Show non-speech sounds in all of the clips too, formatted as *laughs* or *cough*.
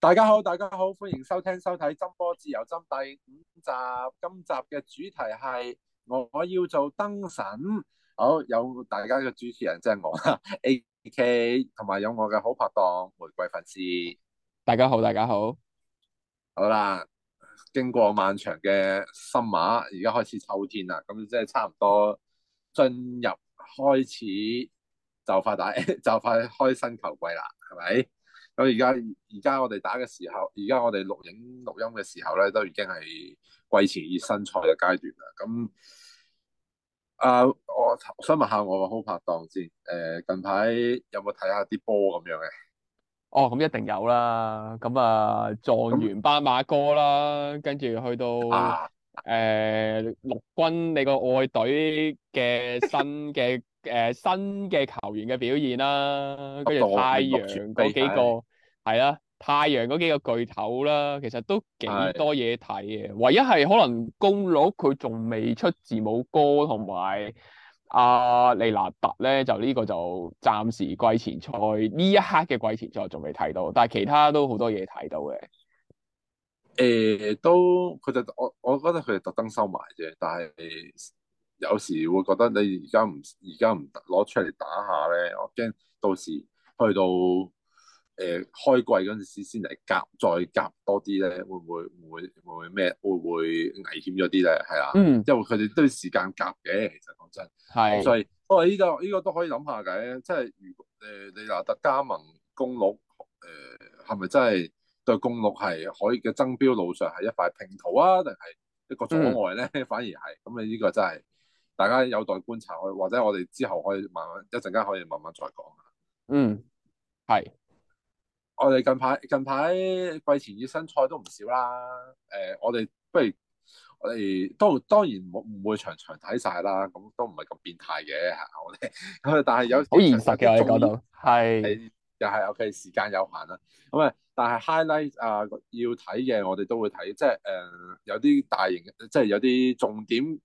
大家好，大家好，歡迎收聽收睇《Jumpball 自由斟》第五集。今集嘅主題係我要做燈神。好，有大家嘅主持人即係、就是、我，AK，同埋有我嘅好拍檔玫瑰粉絲。大家好，大家好。好啦，經過漫長嘅森馬，而家開始秋天啦。咁即係差唔多進入開始就快打，就快開新球季啦，係咪？咁而家而家我哋打嘅時候，而家我哋錄影錄音嘅時候咧，都已經係季前熱身賽嘅階段啦。咁啊，我想問下我個好拍檔先，誒、呃、近排有冇睇下啲波咁樣嘅？哦，咁一定有啦。咁啊，狀元斑馬哥啦，跟住去到誒綠、啊呃、軍，你個愛隊嘅新嘅誒 *laughs* 新嘅球員嘅表現啦，跟住 *laughs* 太陽嗰幾個 *laughs* 係啊，太陽嗰幾個巨頭啦，其實都幾多嘢睇嘅。的唯一係可能公鹿佢仲未出字母哥，同埋阿利納特咧，就呢個就暫時季前賽呢一刻嘅季前賽仲未睇到。但係其他都好多嘢睇到嘅。誒、欸，都佢就我我覺得佢係特登收埋啫。但係有時會覺得你而家唔而家唔攞出嚟打下咧，我驚到時去到。誒開季嗰陣時先嚟夾，再夾多啲咧，會唔會？會唔會？咩？會唔會危險咗啲咧？係啊，mm. 因為佢哋都要時間夾嘅。其實講真，係，的所以不過依個依個都可以諗下嘅。即係，誒、呃，你嗱特加盟公鹿，誒、呃，係咪真係對公鹿係可以嘅爭標路上係一塊拼圖啊？定係一個阻礙咧？Mm. *laughs* 反而係咁，你、這、呢個真係大家有待觀察，或者我哋之後可以慢慢一陣間可以慢慢再講。嗯，係。我哋近排近排季前熱身賽都唔少啦，誒、呃，我哋不如我哋當當然冇唔會場場睇晒啦，咁都唔係咁變態嘅，我哋咁但係有好現實嘅喺嗰度，係中，我又係 OK，時間有限啦，咁啊、呃，但係 highlight 啊要睇嘅我哋都會睇，即係誒、呃、有啲大型，即係有啲重點誒、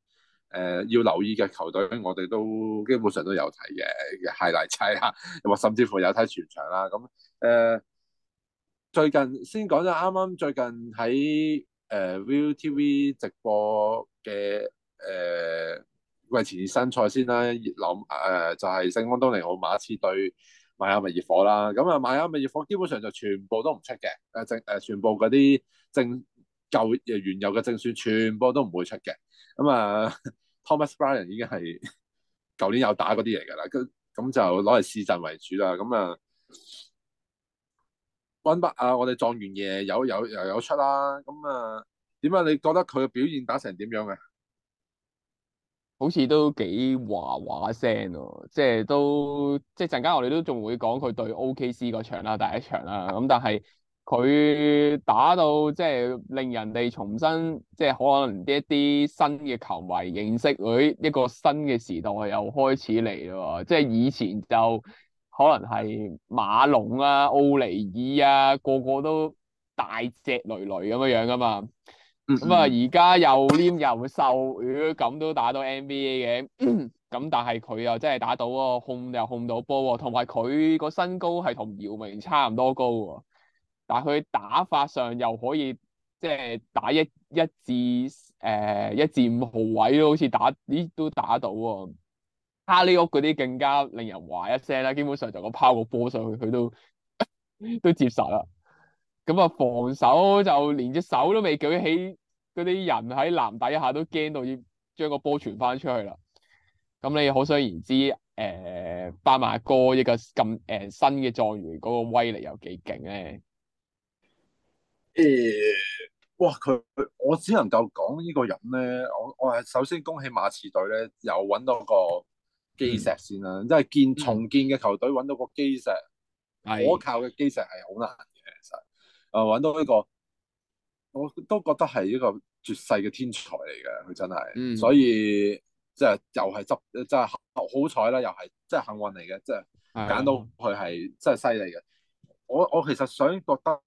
呃、要留意嘅球隊，我哋都基本上都有睇嘅，highlight 齊啦，咁甚至乎有睇全場啦，咁誒。呃最近先講咗啱啱最近喺誒、呃、ViuTV 直播嘅誒、呃、維持新賽先啦熱諗誒、呃、就係、是、聖安東尼奧馬刺對馬雅密熱火啦，咁、嗯、啊馬雅密熱火基本上就全部都唔出嘅誒正誒全部嗰啲正舊誒原有嘅正選全部都唔會出嘅，咁、嗯、啊 Thomas Bryant 已經係舊年有打嗰啲嚟㗎啦，咁咁就攞嚟試陣為主啦，咁、嗯、啊。溫伯啊，我哋狀元爺有有又有出啦，咁啊點解你覺得佢嘅表現打成點樣嘅、啊？好似都幾嘩嘩聲喎、啊，即係都即係陣間我哋都仲會講佢對 OKC、OK、嗰場啦，第一場啦、啊，咁但係佢打到即係令人哋重新即係、就是、可能啲一啲新嘅球迷認識佢、呃、一個新嘅時代又開始嚟喎、啊，即係以前就。可能係馬龍啊、奧尼爾啊，個個都大隻累累咁樣樣㗎嘛。咁啊，而家又黏又瘦，咁、呃、都打到 NBA 嘅。咁 *coughs* 但係佢又真係打到喎、哦，控又控到波喎、哦，同埋佢個身高係同姚明差唔多高喎、哦。但係佢打法上又可以即係、就是、打一一至誒、呃、一至五號位都好似打咦，都打到喎、哦。哈利屋嗰啲更加令人話一聲啦，基本上就咁拋個波上去，佢都 *laughs* 都接受啦。咁啊，防守就連隻手都未舉起，嗰啲人喺籃底下都驚到，要將個波傳翻出去啦。咁你可想而知，誒、呃，班馬哥一個咁誒、呃、新嘅狀元，嗰個威力有幾勁咧？誒、欸，哇！佢我只能夠講呢個人咧，我我係首先恭喜馬刺隊咧，又搵到個。基石先啦，啊，嗯、即係建重建嘅球隊揾到個基石，嗯、可靠嘅基石係好難嘅。其實，誒、呃、揾到呢、嗰個，我都覺得係一個絕世嘅天才嚟嘅，佢真係。嗯、所以即係又係執，即係好彩啦，又係即係幸運嚟嘅，即係揀到佢係真係犀利嘅。嗯、我我其實想覺得，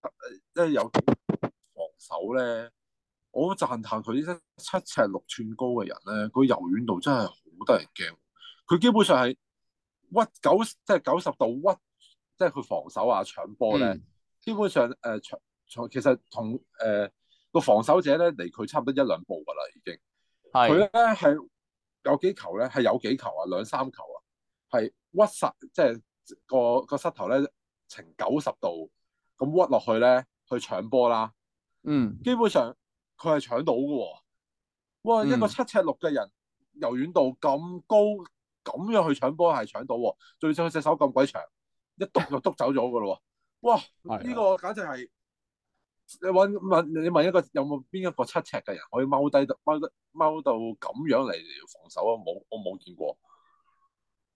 即係有防守咧，我好讚嘆佢呢七七尺六寸高嘅人咧，佢、嗰個、柔軟度真係好得人驚。佢基本上係屈九即係九十度屈，即係佢防守啊搶波咧。嗯、基本上誒搶搶其實同誒個、呃、防守者咧離佢差唔多一兩步噶啦已經。係佢咧係有幾球咧係有幾球啊兩三球啊係屈實即係個個膝頭咧呈九十度咁屈落去咧去搶波啦、啊。嗯，基本上佢係搶到嘅喎、哦。哇！嗯、一個七尺六嘅人柔軟度咁高。咁樣去搶波係搶到喎，最衰隻手咁鬼長，一篤就篤走咗嘅咯喎！ *laughs* 哇，呢、這個簡直係你問問你問一個有冇邊一個七尺嘅人可以踎低到踎得踎到咁樣嚟防守啊？冇，我冇見過。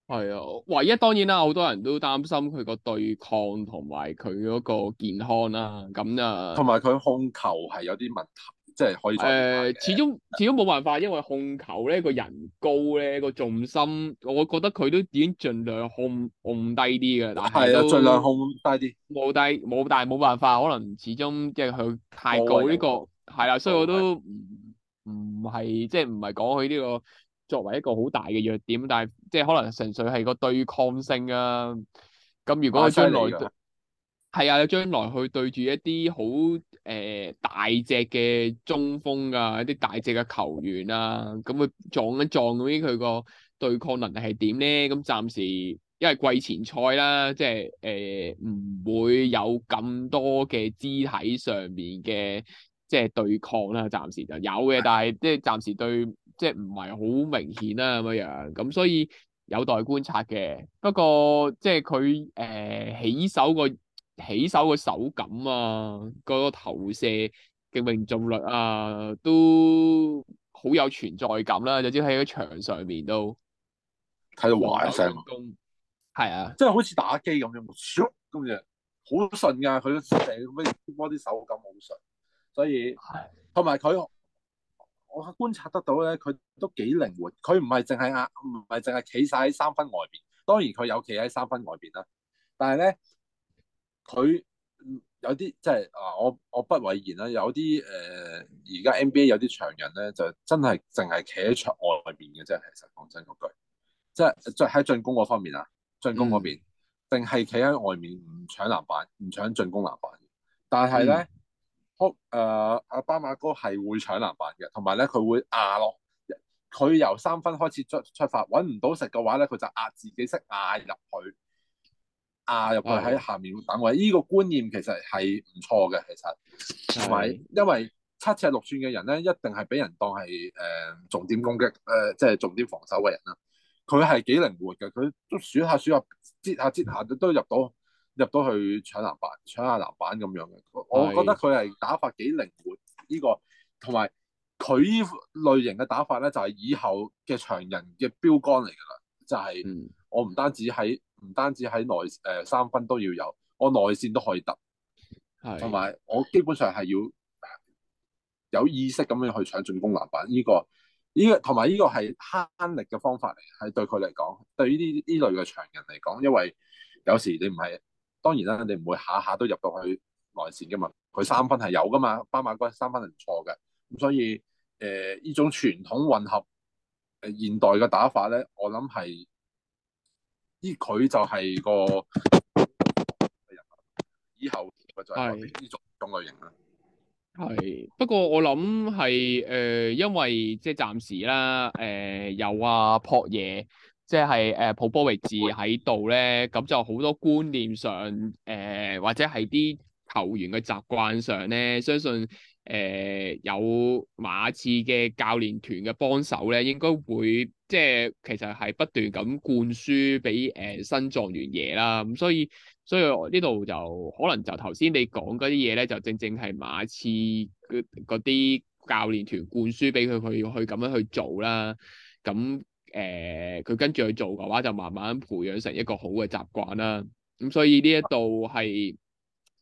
係啊，唯一當然啦，好多人都擔心佢個對抗同埋佢嗰個健康啦。咁啊，同埋佢控球係有啲問題。即係可以。誒、呃，始終始終冇辦法，因為控球咧，個人高咧，個重心，我覺得佢都已經盡量控控低啲嘅。係啊，盡的量控低啲。冇低冇，但係冇辦法，可能始終即係佢太高呢、這個。係啦，所以我都唔係的即係唔係講佢呢個作為一個好大嘅弱點，但係即係可能純粹係個對抗性啊。咁如果將內。係啊，將來去對住一啲好誒大隻嘅中鋒啊，一啲大隻嘅球員啊，咁佢撞一撞啲佢個對抗能力係點咧？咁暫時因為季前賽啦，即係誒唔會有咁多嘅肢體上面嘅即係對抗啦。暫時就有嘅，但係即係暫時對即係唔係好明顯啦咁樣樣，咁所以有待觀察嘅。不過即係佢誒起手個。起手嘅手感啊，嗰個投射嘅命中率啊，都好有存在感啦、啊。就知喺個場上面都睇到滑一聲，係啊，即係好似打機咁樣，咁嘅好順噶。佢都成波啲手感好順，所以同埋佢，我觀察得到咧，佢都幾靈活。佢唔係淨係啊，唔係淨係企晒喺三分外邊。當然佢有企喺三分外邊啦，但係咧。佢有啲即係啊，我我不諱言啦，有啲誒而家 NBA 有啲長人咧，就真係淨係企喺場外面嘅，即係其實講真嗰句，即係，即係喺進攻嗰方面啊，進攻嗰邊，定係企喺外面唔搶籃板，唔搶進攻籃板。但係咧，酷誒阿班馬哥係會搶籃板嘅，同埋咧佢會壓、啊、落，佢由三分開始出出發，揾唔到食嘅話咧，佢就壓自己識壓入去。啊！入去喺下面會等位，呢的個觀念其實係唔錯嘅，其實係咪？的因為七尺六寸嘅人咧，一定係俾人當係誒、呃、重點攻擊誒，即、呃、係重點防守嘅人啦。佢係幾靈活嘅，佢都選下選下，截下截下都入到入到去搶籃板、搶下籃板咁樣嘅。我我覺得佢係打法幾靈活呢、這個，同埋佢呢類型嘅打法咧，就係、是、以後嘅長人嘅標杆嚟噶啦。就係、是、我唔單止喺。的唔單止喺內誒三分都要有，我內線都可以得，係同埋我基本上係要有意識咁樣去搶進攻籃板，呢個呢個同埋呢個係慳力嘅方法嚟，係對佢嚟講，對於呢呢類嘅長人嚟講，因為有時你唔係當然啦，你唔會下下都入到去內線嘅嘛，佢三分係有噶嘛，班馬哥三分係唔錯嘅，咁所以誒呢種傳統混合誒現代嘅打法咧，我諗係。佢就係個以後嘅就係呢種種類型啦。係，不過我諗係誒，因為即係暫時啦，誒有啊樸爺，即係誒普波維治喺度咧，咁就好多觀念上誒、呃，或者係啲球員嘅習慣上咧，相信。誒、呃，有馬刺嘅教練團嘅幫手咧，應該會即係其實係不斷咁灌輸俾誒新狀元嘢啦。咁所以所以呢度就可能就頭先你講嗰啲嘢咧，就正正係馬刺嗰啲教練團灌輸俾佢，佢去咁樣去做啦。咁誒，佢、呃、跟住，去做嘅話，就慢慢培養成一個好嘅習慣啦。咁、嗯、所以呢一度係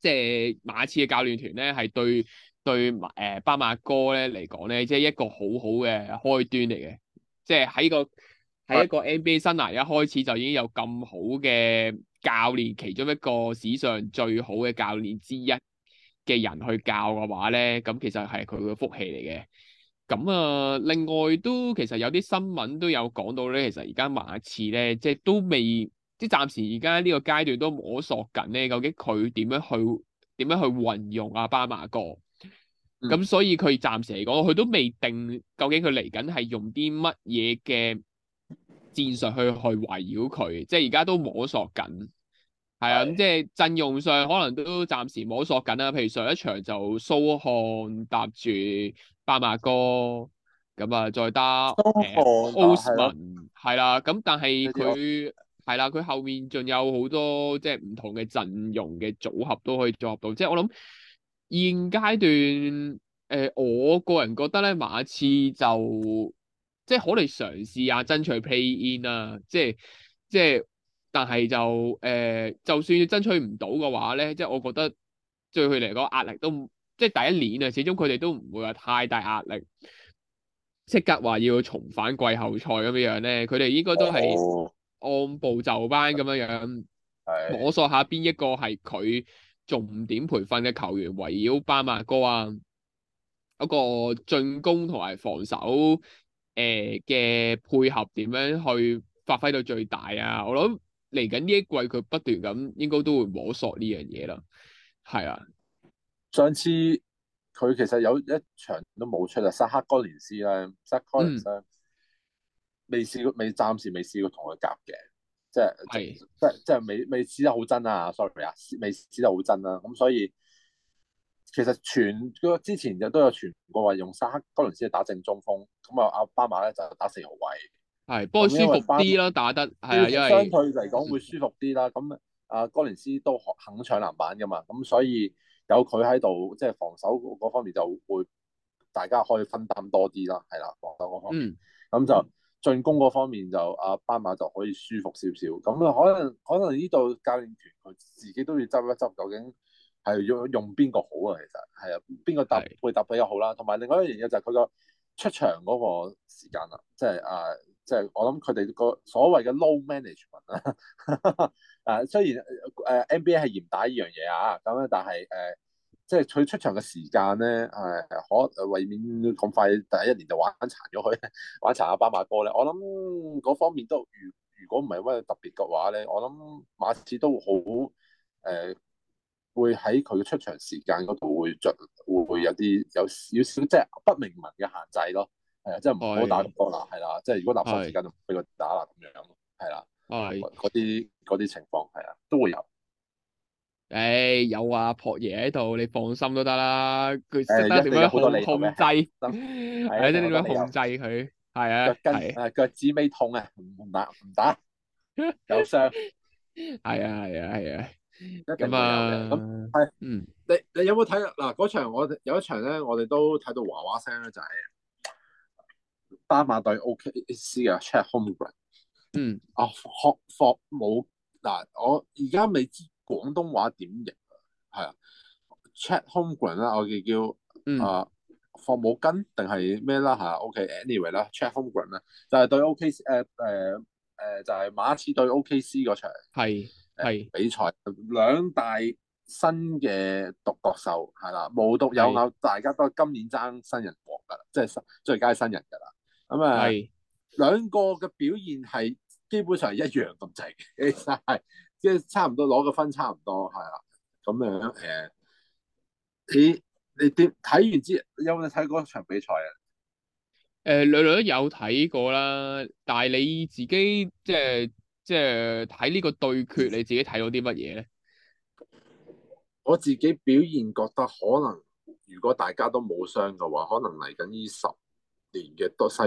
即係馬刺嘅教練團咧，係對。對馬誒，班馬哥咧嚟講咧，即係一個好好嘅開端嚟嘅。即係喺個喺一個 NBA 生涯一開始就已經有咁好嘅教練，其中一個史上最好嘅教練之一嘅人去教嘅話咧，咁其實係佢嘅福氣嚟嘅。咁啊，另外都其實有啲新聞都有講到咧，其實而家馬刺咧，即係都未即係暫時而家呢個階段都摸索緊咧，究竟佢點樣去點樣去運用阿班馬哥。咁、嗯、所以佢暫時嚟講，佢都未定究竟佢嚟緊係用啲乜嘢嘅戰術去去圍繞佢，即係而家都摸索緊，係啊，咁即係陣容上可能都暫時摸索緊啦。譬如上一場就蘇漢搭住班馬哥，咁啊再搭蘇漢。Osman 係啦，咁 's 但係佢係啦，佢的後面仲有好多即係唔同嘅陣容嘅組合都可以組合到，即係我諗。現階段誒、呃，我個人覺得咧，馬刺就即係可嚟嘗試下爭取 play in 啊，即係即係，但係就誒、呃，就算爭取唔到嘅話咧，即係我覺得對佢嚟講壓力都即係第一年啊，始終佢哋都唔會有太大壓力，即刻話要重返季後賽咁樣樣咧，佢哋應該都係按部就班咁樣樣，oh. 摸索下邊一個係佢重點培訓嘅球員圍繞班馬哥啊，嗰個進攻同埋防守誒嘅、呃、配合點樣去發揮到最大啊！我諗嚟緊呢一季佢不斷咁應該都會摸索呢樣嘢咯，係啊！上次佢其實有一場都冇出啊，薩克哥連斯咧，薩克哥連斯未、嗯、試過未，暫時未試過同佢夾嘅。即係是即係即係未未試得好真啊！sorry 啊，未試得好真啊。咁、啊、所以其實傳之前就都有傳過話用沙克·哥連斯打正中鋒，咁啊阿班馬咧就打四號位。係是，不過舒服啲啦，打得係啊，因為相對嚟講會舒服啲啦。咁阿哥連斯都肯搶籃板噶嘛，咁所以有佢喺度，即、就、係、是、防守嗰方面就會大家可以分擔多啲啦。係啦、啊，防守嗰方面咁、嗯、就。進攻嗰方面就啊班馬就可以舒服少少咁啊，可能可能呢度教練團佢自己都要執一執，究竟係用用邊個好啊？其實係啊，邊個搭配搭比較好啦？同埋另外一樣嘢就係佢個出場嗰個時間啦，即係啊，即、呃、係、就是、我諗佢哋個所謂嘅 load management 啦、 *laughs* 呃呃。啊，雖然誒 NBA 係嚴打呢樣嘢啊，咁樣但係誒。即係佢出場嘅時間咧，係、哎、可為、呃、免咁快第一年就玩殘咗佢，玩殘阿班馬哥咧。我諗嗰方面都如如果唔係乜特別嘅話咧，我諗馬刺都好誒、呃，會喺佢嘅出場時間嗰度會著會有啲有少少即係不明文嘅限制咯。係啊，即係唔好打咁多啦。係啦的，即係如果垃圾時間就唔俾佢打啦咁樣。係啦的，啲嗰啲情況係啊，都會有。誒，有啊，扑爺喺度，你放心都得啦。佢先得點樣控制，係啊，即點樣控制佢？係啊，跟腳 *laughs* 趾尾痛啊，唔打唔打，有傷。係啊係啊係啊，咁啊係嗯，你你有冇睇嗱？嗰場我哋有一場咧，我哋都睇到嘩嘩聲啦，就係斑馬隊 O.K.C. 嘅 Chet Holmgren 嗯，啊霍霍冇嗱，我而家未知。廣東話點譯，係啊，Chet Holmgren 啦，我哋叫啊霍姆根定係咩啦吓、啊、o k、okay, a n y w a y 啦，Chet Holmgren 啦、OK 呃呃，就係、是、對 OKC、OK、誒誒就係馬刺對 OKC 嗰場係係、呃、比賽兩大新嘅獨角獸係啦，無獨有偶，是大家都今年爭新人王㗎，即係最佳新人㗎啦。咁、嗯、啊是、嗯，兩個嘅表現係基本上係一樣咁滯嘅，其實係。 *laughs* 即係差唔多，攞個分差唔多，係啦，咁樣，誒，你你點睇完之後有冇睇嗰場比賽啊？誒、呃，女都有睇過啦，但係你自己即係即係睇呢個對決，你自己睇到啲乜嘢咧？我自己表現覺得可能，如果大家都冇傷嘅話，可能嚟緊呢十年嘅多西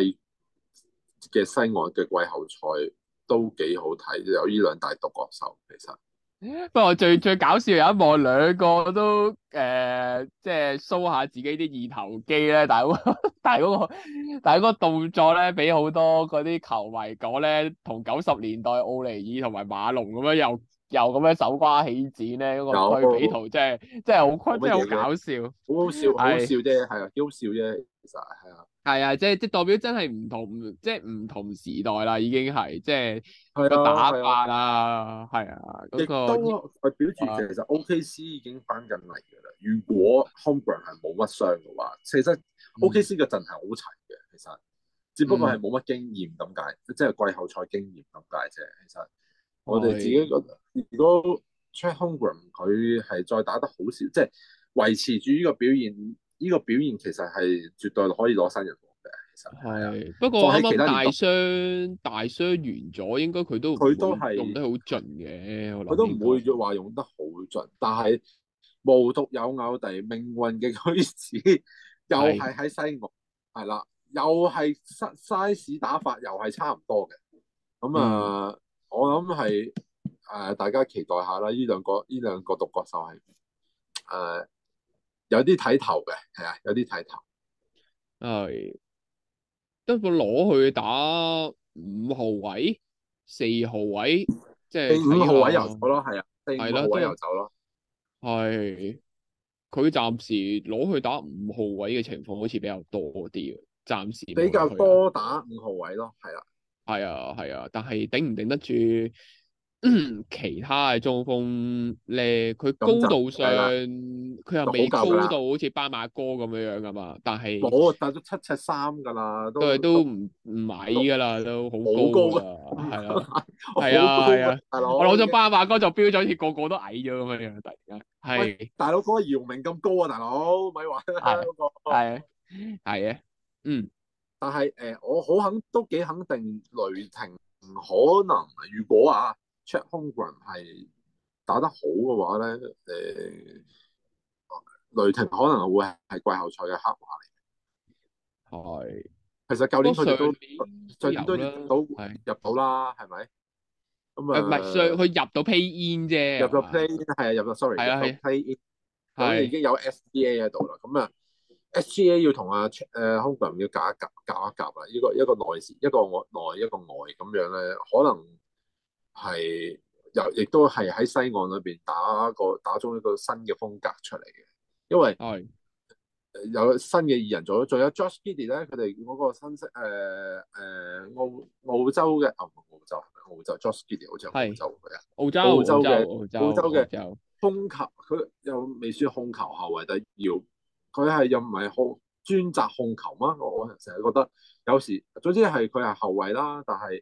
嘅西岸嘅季後賽。都幾好睇，有呢兩大獨角獸。其實，不過最最搞笑有一幕，兩個都誒，即係 show 下自己啲二頭肌咧。但係嗰但係嗰、個但係嗰個動作咧，俾好多嗰啲球迷講咧，同九十年代奧尼爾同埋馬龍咁樣又又咁樣手瓜起子咧。嗰、個對比圖即係真係好昆，真係好搞笑，好好笑，好、哎、好笑啫，係啊，幾好笑啫，其實係啊。係啊，即係即代表真係唔同，即係唔同時代啦，已經係即係個打法啊，係啊，嗰個都代表住其實 O.K.C、OK、已經翻緊嚟㗎啦。的如果 Holmgren 係冇乜傷嘅話，其實 O.K.C、OK、嘅陣係好齊嘅，其實、嗯、只不過係冇乜經驗咁解，即係、嗯、季後賽經驗咁解啫。其實我哋自己覺得，的如果 Chet Holmgren 佢係再打得好少，即、就、係、是、維持住呢個表現。呢個表現其實係絕對可以攞新人王嘅，其實係啊。不過啱啱大傷大傷完咗，應該佢都佢都係用得好盡嘅。佢都唔會話用得好盡，但係無獨有偶地，命運嘅開始又喺喺西岸。係啦的，又係 size 打法，又係差唔多嘅。咁啊，嗯、我諗係誒大家期待下啦，呢兩個呢兩個獨角獸係誒。呃啊有啲睇頭嘅，係啊，有啲睇頭。係、哎，不過攞去打五號位，四號位，即係五號位遊走咯，係啊，四、啊、號位遊走咯。係、哎，佢暫時攞去打五號位嘅情況，好似比較多啲。暫時比較多打五號位咯，係啊，係啊，係啊，但係頂唔頂得住。其他嘅中鋒咧，佢高度上佢又未高到好似班馬哥咁樣樣噶嘛。但係我帶咗七尺三噶啦，都係都唔唔矮噶啦，都好高啊，係啦，係啊，係啊，大佬我攞咗班馬哥就標咗，好似個個都矮咗咁樣樣。突然間係大佬嗰個姚明咁高啊，大佬咪話係係啊係啊，嗯，但係誒，我好肯都幾肯定雷霆可能如果啊。Chet Holmgren 係打得好嘅話咧，誒、呃，雷霆可能會係季後賽嘅黑馬嚟，係的。其實舊年佢哋都進到入到啦，係咪的？咁啊，唔係，佢入到 play in 啫，的的入到 play in 係啊，入到 sorry，入到 play in，咁你已經有 S G A 喺度啦，咁的啊，S G A 要同阿 Chet Holmgren 要夾一夾，夾一夾啊！依個一個內線，一個外內，一個外咁樣咧，可能。係又亦都係喺西岸裏邊打個打中一個新嘅風格出嚟嘅，因為係有新嘅二人組，仲有 Josh Giddey 咧，佢哋嗰個新式，誒、呃、誒、呃、澳澳洲嘅、哦、澳洲澳洲 Josh Giddey 好似澳洲嘅澳洲嘅澳洲嘅控球，佢又未算控球後衛，但係要佢係又唔係控專責控球嘛！我成日覺得有時，總之係佢係後衛啦，但係。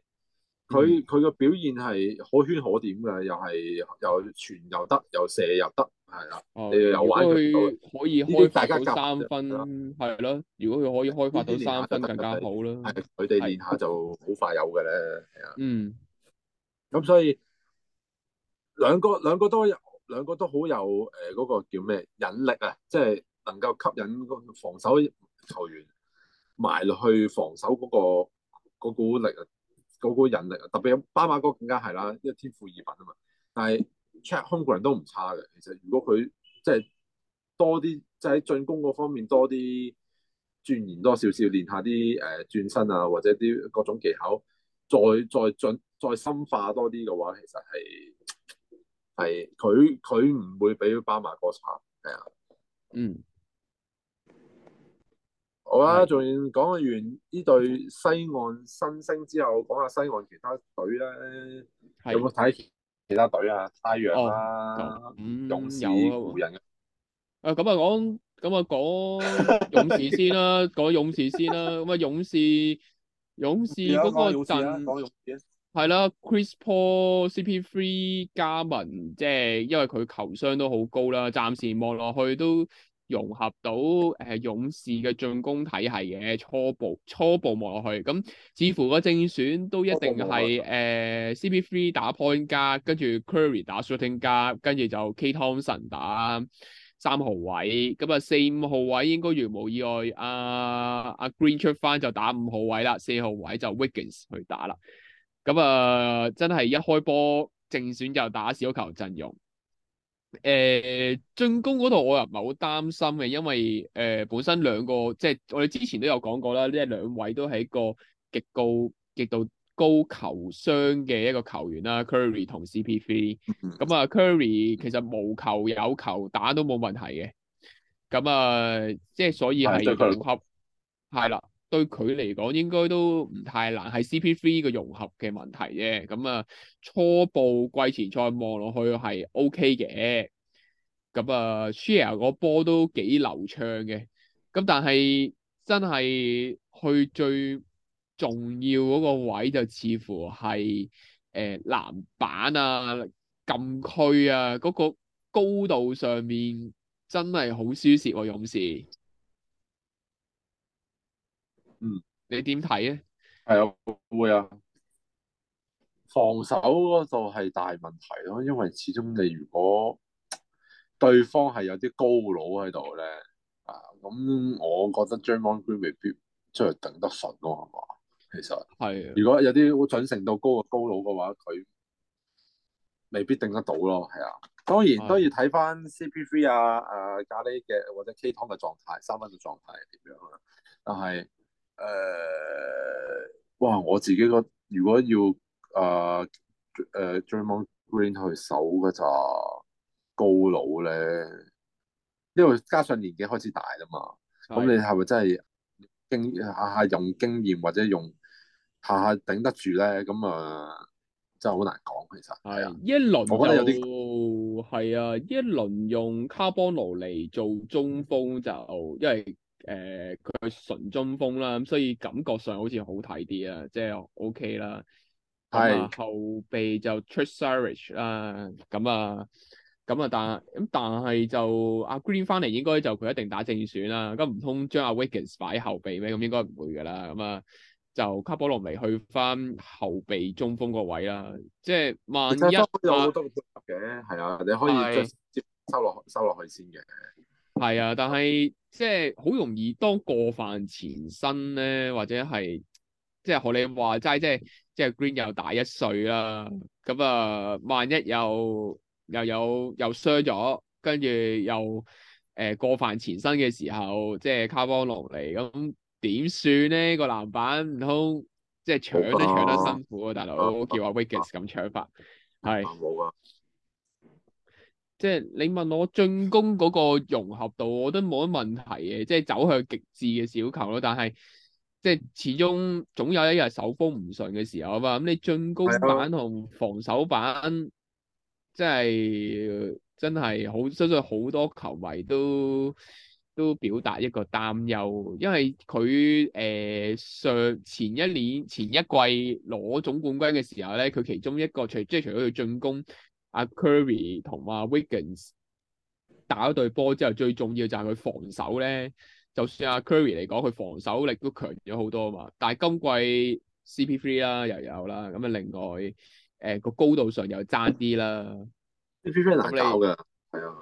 佢佢個表現係可圈可點嘅，又係又傳又得，又射又得，係啦。哦，佢可以開到三分，係咯。如果佢可以開發到三分，更加好啦。係佢哋練下就好快有嘅咧。係啊。嗯。咁所以兩個兩個都有，兩個都好有誒嗰個叫咩引力啊！即係能夠吸引個防守球員埋落去防守嗰個股力啊！個個引力啊，特別有班馬哥更加係啦，因為天賦異稟啊嘛。但係 Chet Holmgren 都唔差嘅，其實如果佢即係多啲，即係喺進攻嗰方面多啲轉移多少少，練一下啲誒、呃、轉身啊，或者啲各種技巧，再再進再深化多啲嘅話，其實係係佢佢唔會比班馬哥差，係啊，嗯。好啦、啊，仲講、嗯、完呢隊西岸新星之後，講下西岸其他隊咧。有冇睇其他隊啊？太陽啦、啊，哦嗯、勇士湖、啊、人、啊。誒、啊，咁啊講，咁啊講勇士先啦，講勇士先啦。咁啊勇士，勇士嗰個陣勇士、啊，係啦，Chris Paul CP 3、CP3 加盟，即係因為佢球商都好高啦，暫時望落去都。融合到誒、呃、勇士嘅進攻體系嘅初步初步望落去，咁似乎個正選都一定係誒 CP3 打 point guard，跟住 Curry 打 shooting guard，跟住就 Klay Thompson 打三號位，咁啊四五號位應該如無意外啊啊 Green 出翻就打五號位啦，四號位就 Wiggins 去打啦。咁啊、呃、真係一開波正選就打小球陣容。誒，進、呃、攻嗰度我又唔係好擔心嘅，因為誒、呃、本身兩個即係我哋之前都有講過啦，呢兩位都係一個極高、極度高球商嘅一個球員啦 *laughs* ，Curry 同 CP3，嗯。咁啊、 *laughs* 嗯，Curry 其實無球有球打都冇問題嘅，咁、嗯、啊即係所以係組合係啦。 *laughs* 對佢嚟講應該都唔太難，係 CP3 嘅融合嘅問題啫。咁啊，初步季前賽望落去係 OK 嘅。咁啊，share 嗰波都幾流暢嘅。咁但係真係去最重要嗰個位就似乎係誒籃板啊、禁區啊嗰、那個高度上面真係好輸蝕喎、啊，勇士。嗯，你點睇咧？係啊，會啊，防守嗰度係大問題咯，因為始終你如果對方係有啲高佬喺度咧，啊，咁我覺得 Draymond Green 未必即係頂得順咯，係嘛？其實係，的如果有啲準成度高嘅高佬嘅話，佢未必頂得到咯，係啊。當然都的要睇翻 CP3 啊，誒、啊、咖喱嘅或者 K 湯嘅狀態，三分嘅狀態係點樣啊？但係。誒，uh, 哇！我自己個如果要啊，誒、uh,，Dr-、uh, Draymond Green 去守嘅就高佬咧，因為加上年紀開始大啦嘛，咁的你係咪真係經下下用經驗或者用下下頂得住咧？咁啊，uh, 真係好難講，其實係啊，一輪的的我覺得有啲係啊，一輪用卡波羅嚟做中鋒就因為。誒佢、呃、係純中鋒啦，咁所以感覺上好似好睇啲啊，即係 OK 啦。係、嗯、的後備就出 surge 啦，咁、嗯、啊，咁、嗯、啊，但咁但係就阿 Green 翻嚟應該就佢一定打正選啦。咁唔通將阿 Wiggins 擺後備咩？咁應該唔會㗎啦。咁、嗯、啊，就卡波羅尼去翻後備中鋒個位啦。即係萬一、啊、都有好多嘅，係啊，你可以再的收落收落去先嘅。係啊，但係即係好容易當過犯前身咧，或者係即係好你話齋即係即係 Green 又大一歲啦，咁啊萬一又又有又傷咗，跟住又誒、呃、過犯前身嘅時候，即係卡邦落嚟，咁點算咧？個籃板唔通即係搶都搶得辛苦啊大佬，叫阿 Wiggins 咁搶法係。即係你問我進攻嗰個融合度，我覺得冇乜問題嘅，即係走向極致嘅小球咯。但係即係始終總有一日手風唔順嘅時候嘛。咁你進攻板同防守板，即係真係好，相信好多球迷都都表達一個擔憂，因為佢誒上前一年前一季攞總冠軍嘅時候咧，佢其中一個即除即係除咗佢進攻。阿 Curry 同阿 Wiggins 打咗對波之後，最重要就係佢防守咧。就算阿 Curry 嚟講，佢防守力都強咗好多啊嘛。但係今季 CP Three 啦又有啦，咁啊另外誒個、呃、高度上又差啲啦。CP Three 難搞㗎，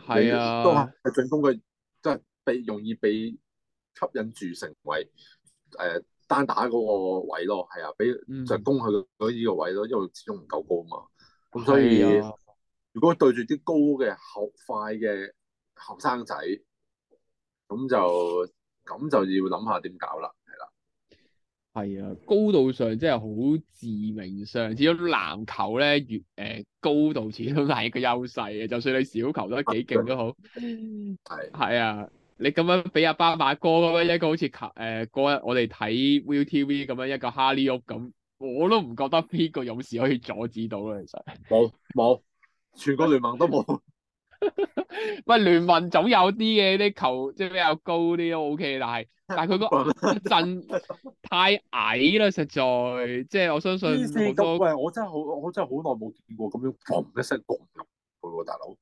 係你啊，係啊，都係進攻佢即係被容易被吸引住成為誒、呃、單打嗰個位咯。係啊，俾進攻佢嗰呢個位咯，嗯、因為始終唔夠高啊嘛，咁所以。如果對住啲高嘅後快嘅後生仔，咁就咁就要諗下點搞啦，係啦，係啊，高度上真係好致命上，至於籃球咧越誒、呃、高度始終係一個優勢嘅，就算你小球都幾勁都好，係係的的啊，你咁樣俾阿班馬哥咁樣一個好似球誒哥，我哋睇 ViuTV 咁樣一個哈利屋咁，我都唔覺得邊個勇士可以阻止到咯，其實冇冇。全國聯盟都冇 *laughs* ，唔係聯盟總有啲嘅啲球即係比較高啲都 O、OK, K，但係但係佢個陣太矮啦，實在即係我相信。喂、欸，我真係好，我真係好耐冇見過咁樣嘣一聲過唔入去，大佬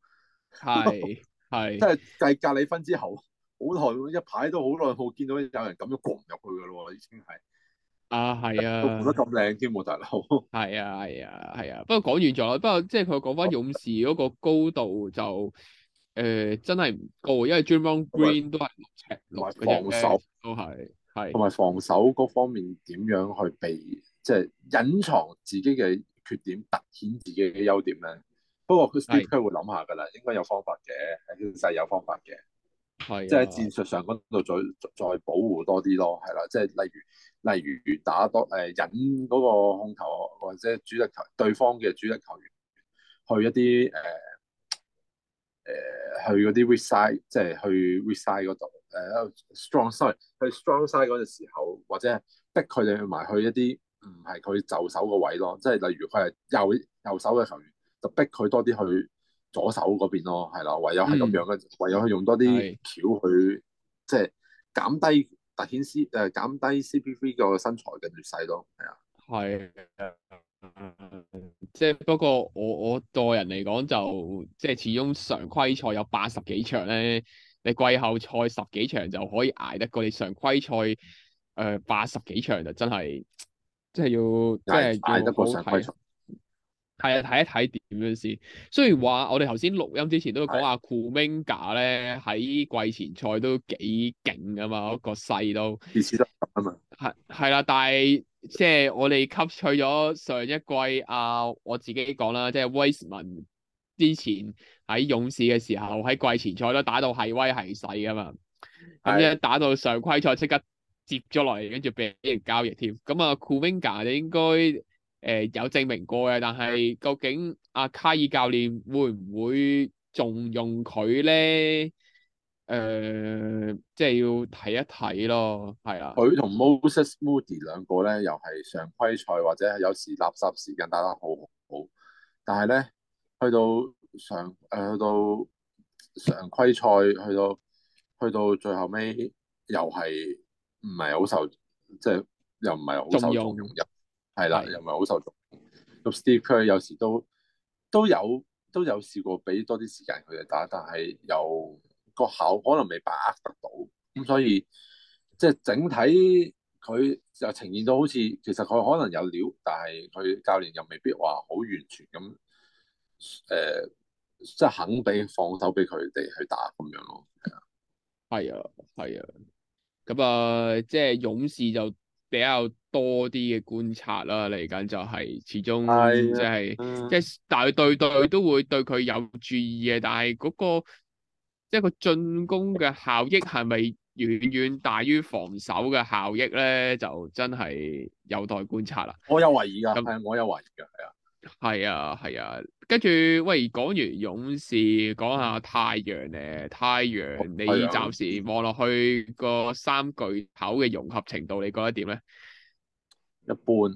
係係即係計格里芬之後，好耐一排都好耐冇見到有人咁樣過唔入去噶啦，已經係。啊，係啊，做得咁靚添，莫大佬。係啊，係啊，係啊，啊，啊。不過講完咗，不過即係佢講翻勇士嗰個高度就誒、呃、真係唔高，因為 Draymond Green 都係六尺，同埋防守都係，係同埋防守嗰方面點樣去避，即係隱藏自己嘅缺點，凸顯自己嘅優點咧。不過佢 Steve 佢會諗下噶啦，應該有方法嘅，係勇士有方法嘅。係，即係戰術上嗰度再再保護多啲咯，係啦，即係例如例如打多誒、呃、引嗰個控球，或者主力球對方嘅主力球員去一啲誒誒去嗰啲 weak side，即係去 weak side 嗰度誒、呃、strong side，去 strong side 嗰陣時候，或者逼佢哋去埋去一啲唔係佢右手個位咯，即係例如佢係右右手嘅球員，就逼佢多啲去。左手嗰邊咯，係啦，唯有係咁樣嘅，嗯、唯有去用多啲橋去，是即係減低突顯 C 誒減低 CP3 個身材嘅劣勢咯，係啊，係、嗯、即係不過我我個人嚟講就即係始終常規賽有八十幾場咧，你季後賽十幾場就可以捱得過，你常規賽誒、呃、八十幾場就真係即係要即係捱，捱得過常規賽。係啊，睇一睇點樣先。雖然話我哋頭先錄音之前都要講阿庫明加咧，喺的季前賽都幾勁噶嘛，個勢都。啊嘛。係係啦，但係即係我哋吸取咗上一季啊，我自己講啦，即係威斯曼之前喺勇士嘅時候，喺季前賽都打到係威係勢噶嘛。咁一的打到常規賽上，即刻接咗落嚟，跟住俾人交易添。咁啊，庫明加咧應該。誒、呃，有證明過嘅，但係究竟阿卡爾教練會唔會重用佢咧？誒、呃，即係要睇一睇咯，係啊。佢同 Moses Moody 兩個咧，又係常規賽或者有時垃圾時間打得好好，但係咧去到常誒、呃、去到常規賽去到去到最後尾又係唔係好受，即係又唔係好重用。重用。係啦，又唔係好受重用。咁的 Steve 佢有時都都有都有試過俾多啲時間佢哋打，但係又個考可能未把握得到，咁所以即係、就是、整體佢就呈現到好似其實佢可能有料，但係佢教練又未必話好完全咁誒、呃，即係肯俾放手俾佢哋去打咁樣咯。係啊，係啊，係啊，咁啊、呃，即係勇士就。比較多啲嘅觀察啦，嚟緊就係始終即係即係，但係對對對都會對佢有注意嘅，但係嗰個即係個進攻嘅效益係咪遠遠大於防守嘅效益咧？就真係有待觀察啦。我有懷疑噶，咁係我有懷疑噶，係啊。係啊，係啊，跟住喂，講完勇士，講下太陽誒，太陽，太陽你暫時望落去個三巨頭嘅融合程度，你覺得點咧？一般，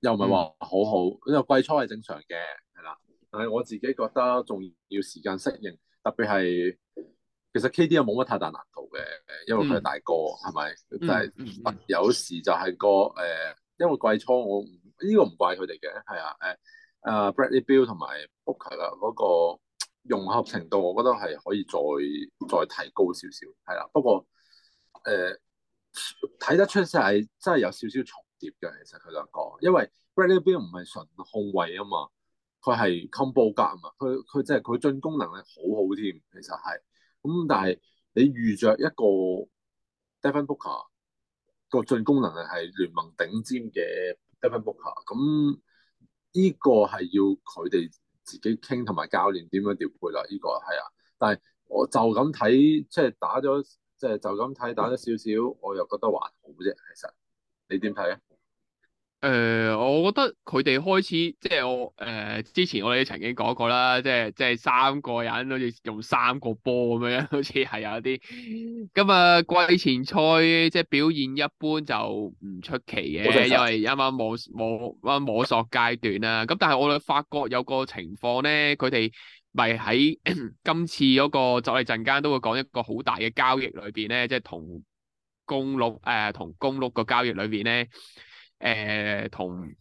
又唔係話好好，嗯、因為季初係正常嘅，係啦，但係我自己覺得仲要時間適應，特別係其實 KD 又冇乜太大難度嘅，因為佢係大哥，係咪、嗯？真係、嗯、有時就係個誒、呃，因為季初我。呢個唔怪佢哋嘅，係啊，誒、誒，誒 Bradley Beal 同埋 Booker 啦，嗰個融合程度，我覺得係可以再再提高少少，係啦、啊。不過誒睇、呃、得出就係真係有少少重疊嘅，其實佢兩個，因為 Bradley Beal 唔係純控衞啊嘛，佢係 combo guard 啊嘛，佢佢即係佢進攻能力好好添，其實係。咁但係你遇着一個 Devin Booker 個進攻能力係聯盟頂尖嘅。一 book 咁呢個係要佢哋自己傾同埋教練點樣調配啦，呢、這個係啊。但係我就咁睇，即係打咗，即係就咁、是、睇打咗少少，我又覺得還好啫。其實你點睇咧？誒、呃，我覺得佢哋開始即係我誒、呃，之前我哋曾經講過啦，即係即係三個人好似用三個波咁樣，好似係有啲咁、嗯、啊。季前賽即係表現一般就唔出奇嘅，因為啱啱摸摸摸，摸索階段啦。咁但係我哋發覺有個情況咧，佢哋咪喺今次嗰、那個就嚟陣間都會講一個好大嘅交易裏邊咧，即係同公鹿誒，同、呃、公鹿個交易裏邊咧。誒，同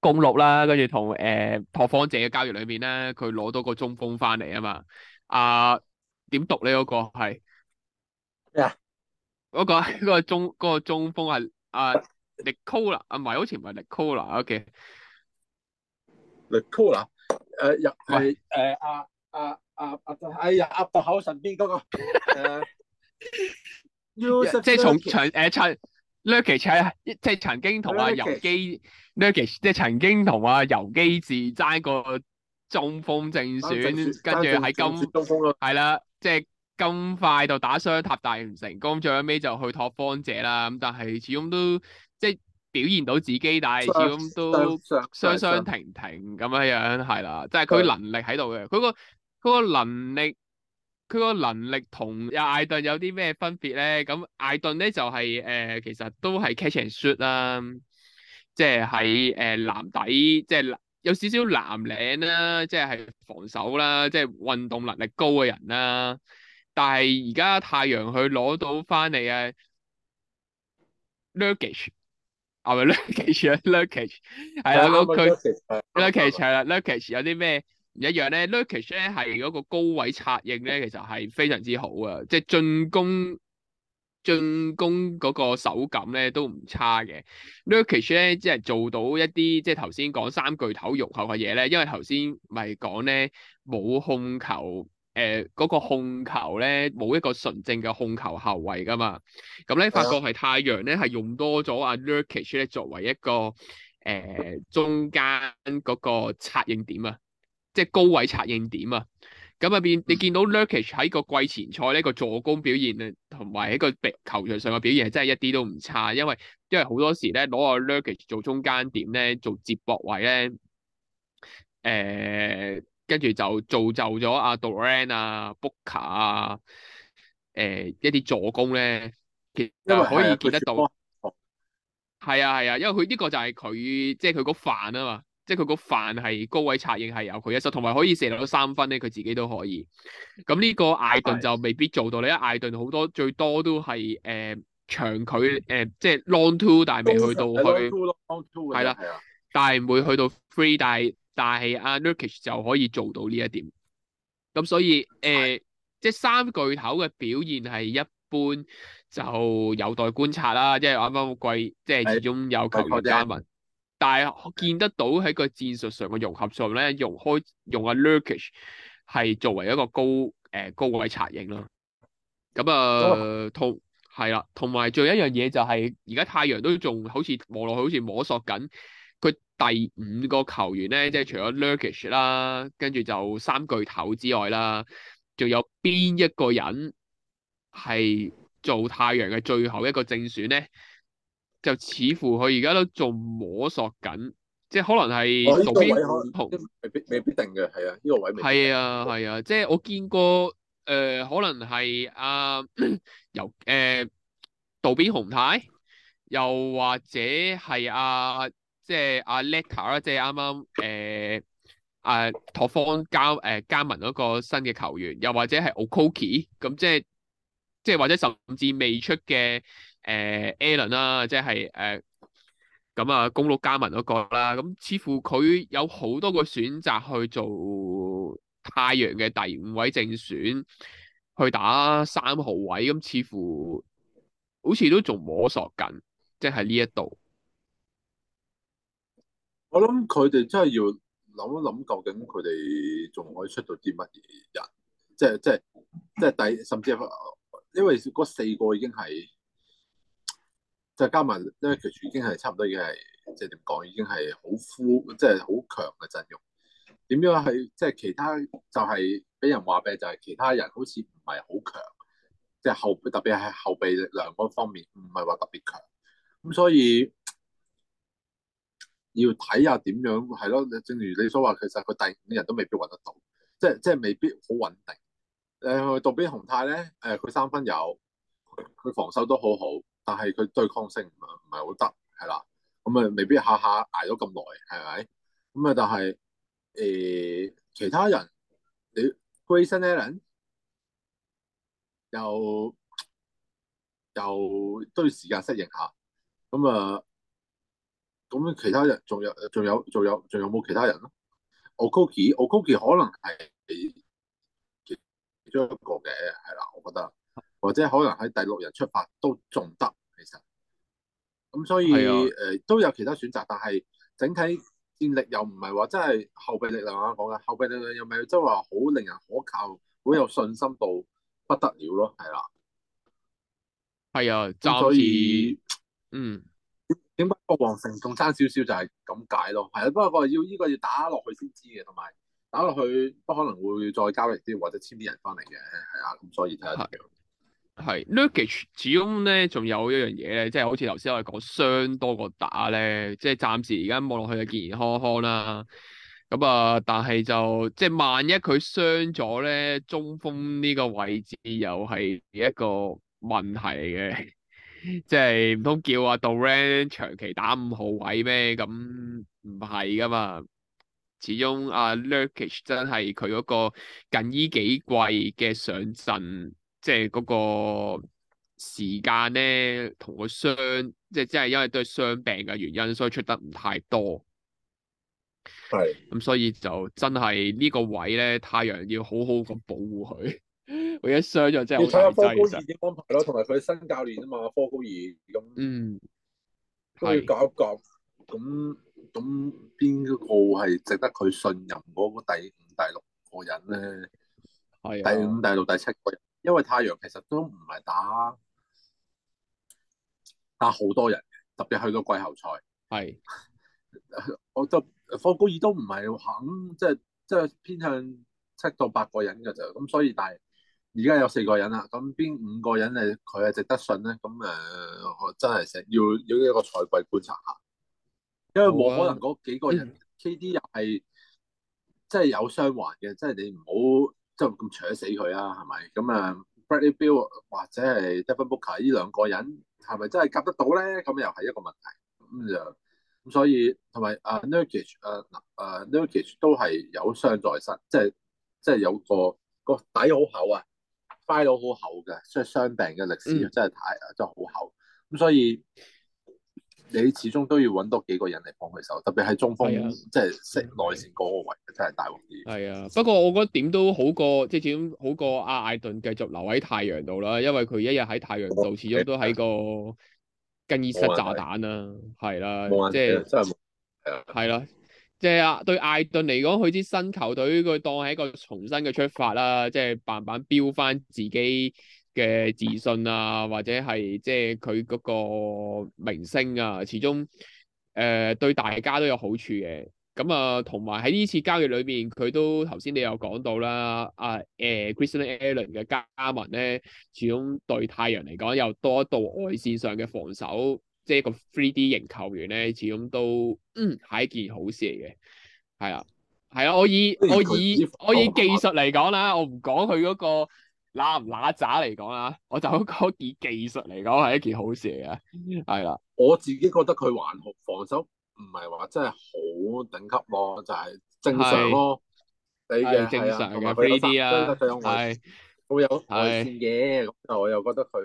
公鹿啦，跟住同誒拓荒者嘅交易裏面咧，佢攞到個中鋒翻嚟啊嘛。阿點讀咧？嗰個係咩啊？嗰、那個嗰麼、那個那個中嗰、那個中鋒係阿 Nicola 啦，唔、啊、係，好似唔係 Nicola O K，、啊、Nicola 啦。誒入係誒阿阿阿阿哎呀阿伯口身邊嗰、那個。 *laughs* uh, Joseph 即係從長誒差。lurch 啊，即係曾經同阿游基，lurch，即係曾經同阿游基志爭過中鋒正選，跟住喺今係啦，即係咁快就打雙塔但唔成功，最後尾就去拓荒者啦。咁但係始終都即係表現到自己，但係始終都傷傷停停咁樣樣係啦，就係、是、佢能力喺度嘅，佢個個能力。佢個能力同又艾頓有啲咩分別咧？咁、嗯、艾頓咧就係、是、誒、呃，其實都係 catch and shoot 啦、啊，即係誒籃底，即、就、係、是、有少少藍領啦、啊，即、就、係、是、防守啦、啊，即、就、係、是、運動能力高嘅人啦、啊。但係而家太陽佢攞到翻嚟嘅 Nurkic，係咪 Nurkic？Nurkic 係啊，Nurkic 係啊，Nurkic 有啲咩？唔一樣咧，Nurkic 咧係嗰個高位策應咧，其實係非常之好啊。即係進攻進攻嗰個手感咧都唔差嘅。Nurkic 咧即係做到一啲即係頭先講三巨頭融合嘅嘢咧，因為頭先咪講咧冇控球誒，嗰個控球咧冇一個純正嘅控球後衛噶嘛。咁咧發覺係太陽咧係用多咗啊，Nurkic 咧作為一個誒中間嗰個策應點啊。即係高位策應點啊，咁啊變你見到 Lurkage 喺個季前賽呢個助攻表現同埋喺個球場上嘅表現真係一啲都唔差，因為因為好多時咧攞個 Lurkage 做中間點咧，做接駁位咧，誒跟住就造就咗阿 Doran 啊、Booker 啊，誒、呃、一啲助攻咧，因為可以見得到，係啊係、哦、啊，啊，因為佢呢、呢個就係佢即係佢個飯啊嘛。即係佢個犯係高位策應係有佢一手，同埋可以射到三分咧，佢自己都可以。咁呢個艾頓就未必做到，你睇艾頓好多最多都係誒、呃、長距離、呃、即係 long two，但係未去到去。long two long two 係啦了，的但係唔會去到 free，但係但係阿 Nurkic 就可以做到呢一點。咁所以誒，呃、的即係三巨頭嘅表現係一般，就有待觀察啦。即係啱啱季，即係始終有球員加盟。但係見得到喺個戰術上嘅融合上咧，用開用阿 Lurkish 係作為一個高誒、呃、高位策應咯。咁啊、呃 oh. 同係啦，同埋仲有一樣嘢就係而家太陽都仲好似望落去好似摸索緊佢第五個球員咧，即係除咗 Lurkish 啦，跟住就三巨頭之外啦，仲有邊一個人係做太陽嘅最後一個正選咧？就似乎佢而家都仲摸索緊，即係可能係道邊紅，未必定嘅，係啊，呢、這個位未。係啊係啊，即係我見過誒、呃，可能係阿由誒道邊紅太，又或者係阿即係阿 Latter 啦，即係啱啱誒阿托方加誒、呃、加盟嗰個新嘅球員，又或者係 Okoki 咁、嗯，即係即係或者甚至未出嘅。誒 Allen 啦，uh, Alan, 即係誒咁啊，uh, 公路加文嗰、那個啦。咁似乎佢有好多個選擇去做太陽嘅第五位正選，去打三號位。咁似乎好似都仲摸索緊，即係呢一度。我諗佢哋真係要諗一諗，究竟佢哋仲可以出到啲乜嘢人？即係即係即係第甚至係，因為嗰四個已經係。就加埋，因為佢已經係差唔多已經、就是，已經係即係點講，已經係好富，即係好強嘅陣容。點樣係即係其他就係、是、俾人話咩？就係其他人好似唔係好強，即、就、係、是、後特別係後備力量嗰方面唔係話特別強。咁所以要睇下點樣係咯。正如你所話，其實佢第五人都未必搵得到，即係即係未必好穩定。誒，到邊紅泰咧？誒，佢三分有，佢防守都好好。但係佢對抗性唔係唔係好得，係啦，咁、嗯、啊未必下下挨咗咁耐，係咪？咁、嗯、啊，但係誒、呃、其他人，你 Grayson Allen 又又都要時間適應下。咁、嗯、啊，咁、嗯嗯、其他人仲有仲有仲有仲有冇其他人咧？Okogie Okogie 可能係其中一個嘅，係啦，我覺得。或者可能喺第六人出發都仲得，其實咁所以誒、啊呃、都有其他選擇，但係整體戰力又唔係話真係後備力量。啊講嘅後備力量又唔係即係話好令人可靠、好有信心到不得了咯，係啦，係啊，啊所以嗯點解國王城仲爭少少就係咁解咯，係啊，不過要呢、這個要打落去先知嘅，同埋打落去都可能會再交易啲或者簽啲人翻嚟嘅，係啊，咁所以睇下係 Nurkic 始終咧，仲有一樣嘢咧，即係好似頭先我哋講傷多過打咧，即係暫時而家望落去就健健康康啦。咁啊，但係就即係萬一佢傷咗咧，中鋒呢個位置又係一個問題嘅， *laughs* 即係唔通叫阿 Durant 長期打五號位咩？咁唔係噶嘛。始終阿、啊、Nurkic 真係佢嗰個近依幾季嘅上陣。即係嗰個時間咧，同佢傷，即係即係因為對傷病嘅原因，所以出得唔太多。係，咁所以就真係呢個位咧，太陽要好好咁保護佢。佢一傷咗真係好大劑。睇下科高爾其實，安排咯，同埋佢新教練啊嘛，科高爾咁，嗯、都要夾一夾。咁咁邊一個係值得佢信任嗰個第五、第六個人咧？係、啊、第五、第六、第七個人。因為太陽其實都唔係打，打好多人，特別去到季後賽，係是， *laughs* 我就霍高爾都唔係肯，即係即係偏向七到八個人嘅咋。咁所以但係而家有四個人啦，咁邊五個人係佢係值得信咧，咁誒、啊，我真係成要要一個賽季觀察下，因為冇可能嗰幾個人的 K D 又係即係有傷患嘅，即、就、係、是、你唔好。即係咁扯死佢啦、啊，係咪？咁啊，Bradley Beal 或者係 Devin Booker 呢兩個人係咪真係夾得到咧？咁又係一個問題。咁就咁所以同埋啊 Nuggets 呃呃 Nuggets 都係有傷在身，即係即係有個個底好厚啊，file 好厚嘅，即係傷病嘅歷史真係太真係好厚。咁、嗯嗯、所以。你始終都要揾多幾個人嚟幫佢手，特別係中鋒，即係識內線嗰個位，真係大鑊啲。係啊，不過我覺得點都好過，即係始終好過阿艾頓繼續留喺太陽度啦，因為佢一日喺太陽度，始終都喺個更衣室炸彈啦，係啦，即係真係係啦，即係阿對艾頓嚟講，佢支新球隊，佢當係一個重新嘅出發啦，即係慢慢標翻自己嘅自信啊，或者係即係佢嗰個明星啊，始終誒、呃、對大家都有好處嘅。咁啊，同埋喺呢次交易裏邊，佢都頭先你有講到啦。阿、啊、誒 Grayson、呃、Allen 嘅加盟咧，始終對太陽嚟講又多一度外線上嘅防守，即、就、係、是、一個 three D 型球員咧，始終都嗯係一件好事嚟嘅。係啊，係啊，我以我以我以,我以技術嚟講啦，我唔講佢嗰個。乸唔乸渣嚟講啊？我就以技術嚟講係一件好事嚟嘅，係啦。我自己覺得佢還好防守唔係話真係好頂級咯，就係正常咯。的你嘅正常，同埋佢呢啲啊，係的會有外線嘅。就的我又覺得佢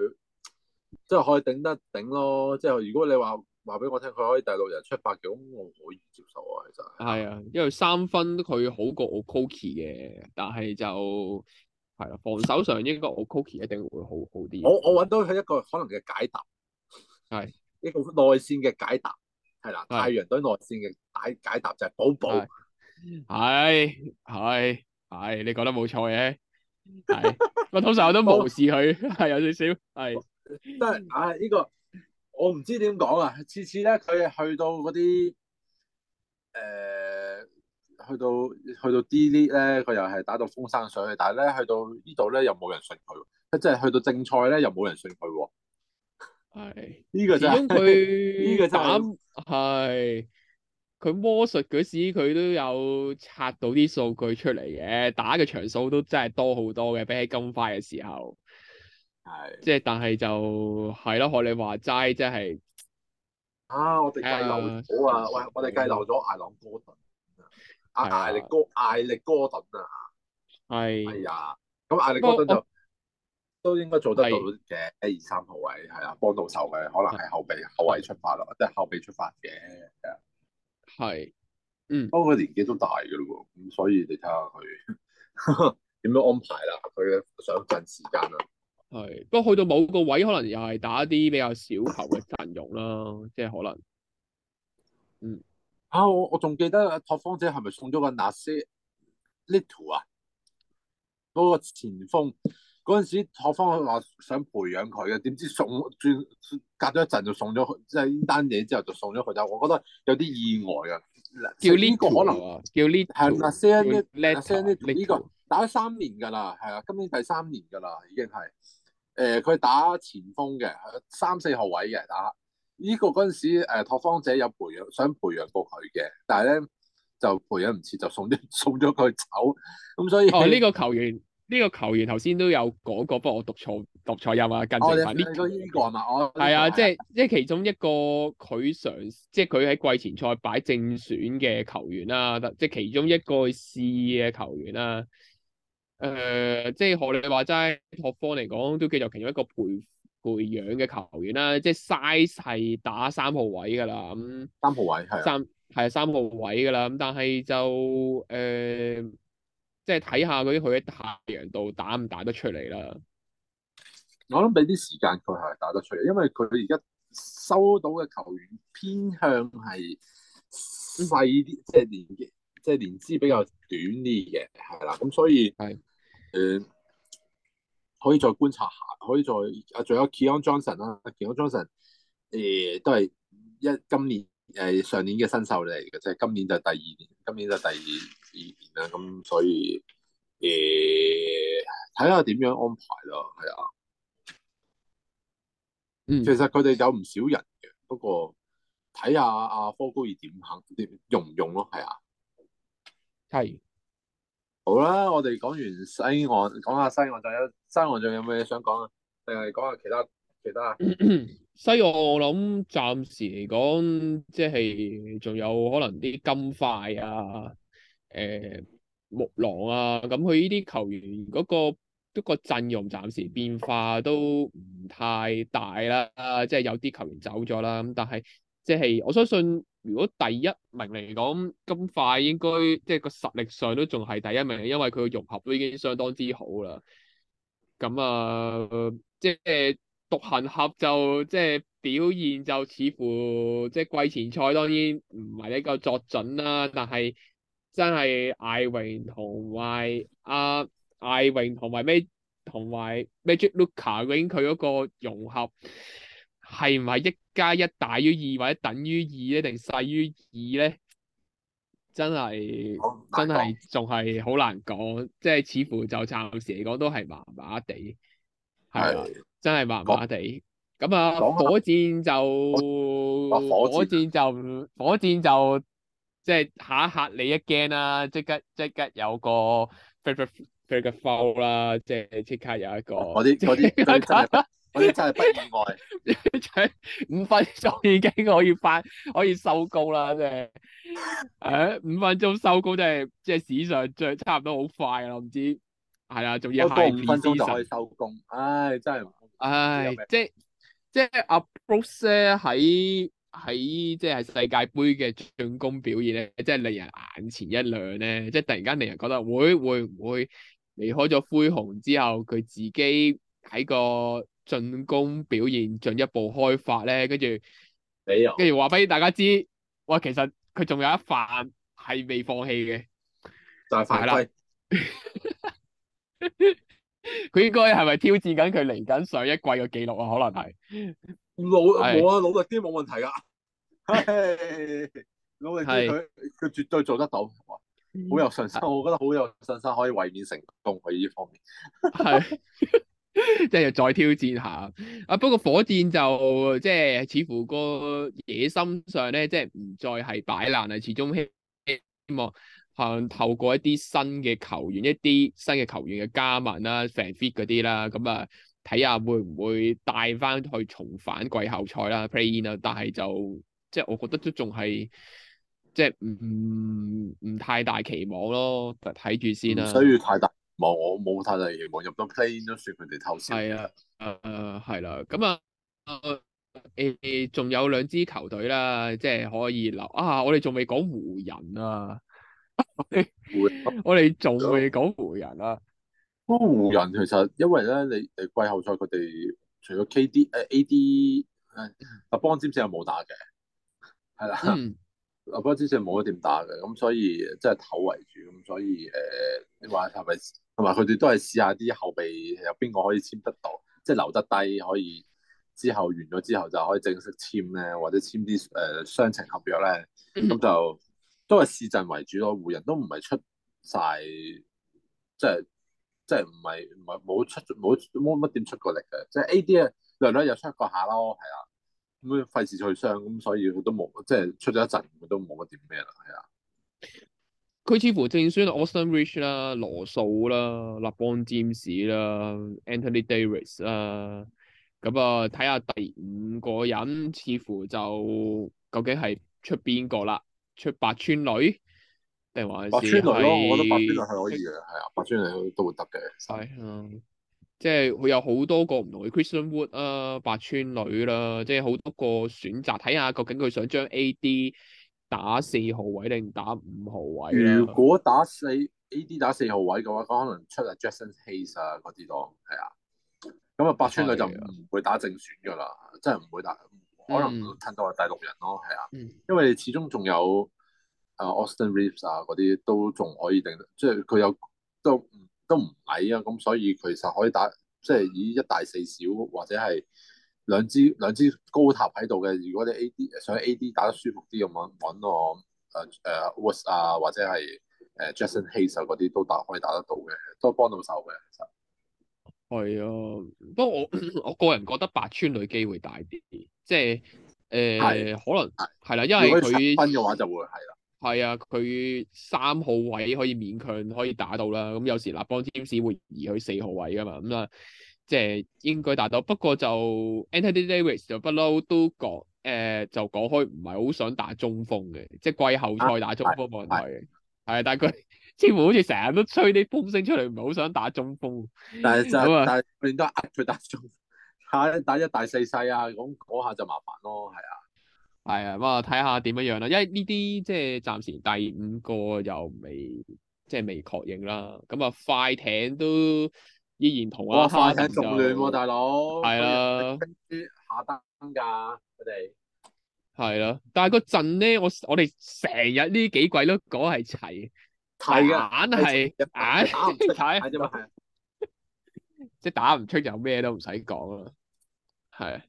即係可以頂得頂咯。即係如果你話話俾我聽佢可以第六人出發嘅，咁我可以接受啊。其實係啊，因為三分佢好過我 Cookie 嘅，但係就。係啦，防守上應該我 cookie 一定會好好啲。我我揾到佢一個可能嘅解答，係的一個內線嘅解答，係啦。的太陽隊內線嘅解解答就係寶寶。係係係，你講得冇錯嘅。我通常我都無視佢，係 *laughs* 有少少。係，真係，唉，呢個我唔知點講啊。這個、啊次次咧，佢去到嗰啲誒。呃去到去到 D League 咧，佢又係打到風生水起，但係咧去到呢度咧又冇人信佢，即係去到正賽咧又冇人信佢。係呢是 *laughs* 個就係、是，呢 *laughs* 個真、就、係、是，佢魔術嗰時佢都有刷到啲數據出嚟嘅，打嘅場數都真係多好多嘅，比起金塊嘅時候。係是即係，但係就係咯，學你話齋、就是，真係啊！我哋計漏咗啊！Uh, 喂，我哋計漏咗艾朗哥啊、艾力哥、艾力哥頓啊，係的，哎呀，咁艾力哥頓就我都應該做得到嘅，一二三號位係啊，幫到手嘅，可能係後備的後衞出發咯，即係後備出發嘅，係的，嗯，不過佢年紀都大嘅嘞喎，咁所以你睇下佢點樣安排啦，佢嘅上陣時間啊，係，不過去到某個位可能又係打啲比較小球嘅陣容啦，即係 *laughs* 可能，嗯。啊！我我仲記得拓荒者係咪送咗個納斯 Little 啊？嗰、那個前鋒嗰陣時拓荒佢話想培養佢嘅，點知送轉隔咗一陣就送咗佢。即係呢單嘢之後就送咗佢走。我覺得有啲意外啊！叫呢個可能，叫呢係納斯呢 Little 呢個打咗三年噶啦，係啊，今年第三年噶啦已經係。誒、呃，佢打前鋒嘅，三四號位嘅打。呢個嗰陣時，拓荒者有培養，想培養過佢嘅，但係咧就培養唔切，就送咗送咗佢走。咁所以哦，呢、這個球員，呢、這個球員頭先都有講過，不過我讀錯讀錯音啦。近排呢、哦這個係嘛？我係啊，這個、即係即係其中一個佢嘗，即係佢喺季前賽擺正選嘅球員啦、啊，即係其中一個試嘅球員啦、啊。誒、呃，即係學你話齋拓荒嚟講，都叫做其中一個培。培養嘅球員啦，即係 size 係打三號位噶啦，咁三,三號位係三係三號位噶啦，咁但係就誒、呃，即係睇下啲佢喺太陽度打唔打得出嚟啦。我諗俾啲時間佢係打得出嚟，因為佢而家收到嘅球員偏向係細啲，即係年紀即係年資比較短啲嘅，係啦，咁所以係，的嗯。可以再觀察下，可以再啊，仲有 Keon Johnson 啦，Keon Johnson 誒都係一今年誒、呃、上年嘅新秀嚟嘅，即係今年就第二年，今年就第二二年啦，咁所以誒睇下點樣安排咯，係啊，嗯，其實佢哋有唔少人嘅，嗯、不過睇下阿、啊、科高爾點肯點用唔用咯，係啊，係、啊。好啦，我哋講完西岸，講下西岸就一西岸有有西，仲有咩想講啊？定係講下其他其他？西岸我諗暫時嚟講，即係仲有可能啲金塊啊，誒、呃、木狼啊，咁佢呢啲球員嗰個嗰個陣容暫時變化都唔太大啦，即係有啲球員走咗啦，咁但係。即係我相信，如果第一名嚟講，金塊應該即係個實力上都仲係第一名，因為佢個融合都已經相當之好啦。咁啊、呃，即係獨行俠就即係表現就似乎即係季前賽當然唔係呢個作準啦，但係真係艾榮同埋阿艾榮同埋咩同埋 Magic Luca，已佢嗰個融合。係唔係一加一大於二或者等於二咧，定細於二咧？真係、oh、my 真係仲係好難講，即係似乎就暫時嚟講都係麻麻地，係的真係麻麻地。咁我啊，火箭就火箭就火箭就即係下一吓你一驚啦、啊，即刻即刻有個 fire fire fire fall 啦，即係即刻有一個。啲啲。 *laughs* *laughs* 我啲真係不意外， *laughs* 五分鐘已經可以返，可以收工啦，真係。誒、 *laughs* 啊，五分鐘收工真係，即係史上最差唔多好快啦，唔知係啊，仲要下五分鐘就可以收工。唉、哎，真係，唉、哎，即係即係阿 Bruce 喺喺即係世界杯嘅進攻表現咧，即係令人眼前一亮咧，即係突然間令人覺得會會唔會離開咗灰熊之後，佢自己喺個。進攻表現進一步開發咧，跟住，跟住話俾大家知，哇，其實佢仲有一瓣係未放棄嘅，就係犯規。佢應該係咪挑戰緊佢嚟緊上一季嘅記錄啊？可能係，老冇啊，努力啲冇問題噶，努力啲佢佢絕對做得到，好有信心，我覺得好有信心可以衛冕成功喺呢方面，係。即係 *laughs* 又再挑戰下啊！不過火箭就即係似乎個野心上咧，即係唔再係擺爛啦。始終希望行透過一啲新嘅球員，一啲新嘅球員嘅加盟啦，fan fit 嗰啲啦，咁、嗯、啊睇下會唔會帶翻去重返季後賽啦？play in 啊！但係就即係我覺得都仲係即係唔唔唔太大期望咯，睇住先啦。需要太大。冇，我冇太大期望，冇入到 plan 都算佢哋偷笑。係啊，誒誒係啦，咁啊，誒仲、呃、有兩支球隊啦，即係可以留啊。我哋仲未講湖人啊，我哋人 *laughs* 我哋仲未講湖人啊。咁湖人其實因為咧，你誒季後賽佢哋除咗 K D 誒、呃、A D 阿邦詹士又冇打嘅，係啦，嗯、阿邦詹士冇得點打嘅，咁所以即係唞為主，咁所以誒、呃、你話係咪？同埋佢哋都係試下啲後備有邊個可以簽得到，即係留得低可以之後完咗之後就可以正式簽咧，或者簽啲誒雙程合約咧。咁就都係試陣為主咯。湖人都唔係出晒，即係即係唔係唔係冇出冇冇乜點出過力嘅。即係 AD 啊，略略又出過下咯，係啊。咁費事退傷，咁所以佢都冇即係出咗一陣，佢都冇乜點咩啦，係啊。佢似乎正選 Austin Rich 啦，羅素啦，立邦占士啦，Anthony Davis 啦，咁啊，睇下第五個人似乎就究竟係出邊個啦？出八村女定係話，係，係八村女咯？我覺得八村女係可以嘅，係啊，八村女都都會得嘅。係即係佢有好多個唔同嘅 Christian Wood 啊，八村女啦，即係好多個選擇，睇下究竟佢想將 A D 打四號位定打五號位？號位如果打四 AD 打四號位嘅話，可能出阿 Jaxson Hayes 啊，嗰啲咯，係啊。咁啊，八村佢就唔會打正選噶啦，即係唔會打，可能襯到係第六人咯，係、嗯、啊。因為始終仲有啊 Austin Reeves 啊，嗰啲都仲可以定，即係佢有都都唔矮啊，咁所以其實可以打，即係以一大四小或者係。兩支兩支高塔喺度嘅，如果你 A D 想 A D 打得舒服啲咁樣，揾我誒誒 Wood 啊，或者係誒 Jaxson Hayes 嗰啲都打可以打得到嘅，都幫到手嘅。其實係啊，不過我我個人覺得白穿女機會大啲，即係誒、呃、的可能係啦，因為佢分嘅話就會係啦。係啊，佢三號位可以勉強可以打到啦。咁、嗯、有時 LeBron James 會移去四號位噶嘛。咁啊。即係應該打到，不過就 Anthony Davis 就不嬲都講誒、呃，就講開唔係好想打中鋒嘅，即係季後賽打中鋒問題嘅，係但係佢似乎好似成日都吹啲風聲出嚟，唔係好想打中鋒。但係就係，但係佢都係壓佢打中，打一打一大四世啊，咁嗰下就麻煩咯，係啊，係啊、哎，咁啊睇下點樣樣啦，因為呢啲即係暫時第五個又未即係未確認啦，咁啊快艇都。依然同啊，哇！下單仲亂喎，大佬。係啦。啲下單㗎，佢哋。係啦，但係嗰陣咧，我我哋成日呢幾季都講係齊，係硬係啊，打唔出睇啫嘛，即係打唔出就咩都唔使講啦。係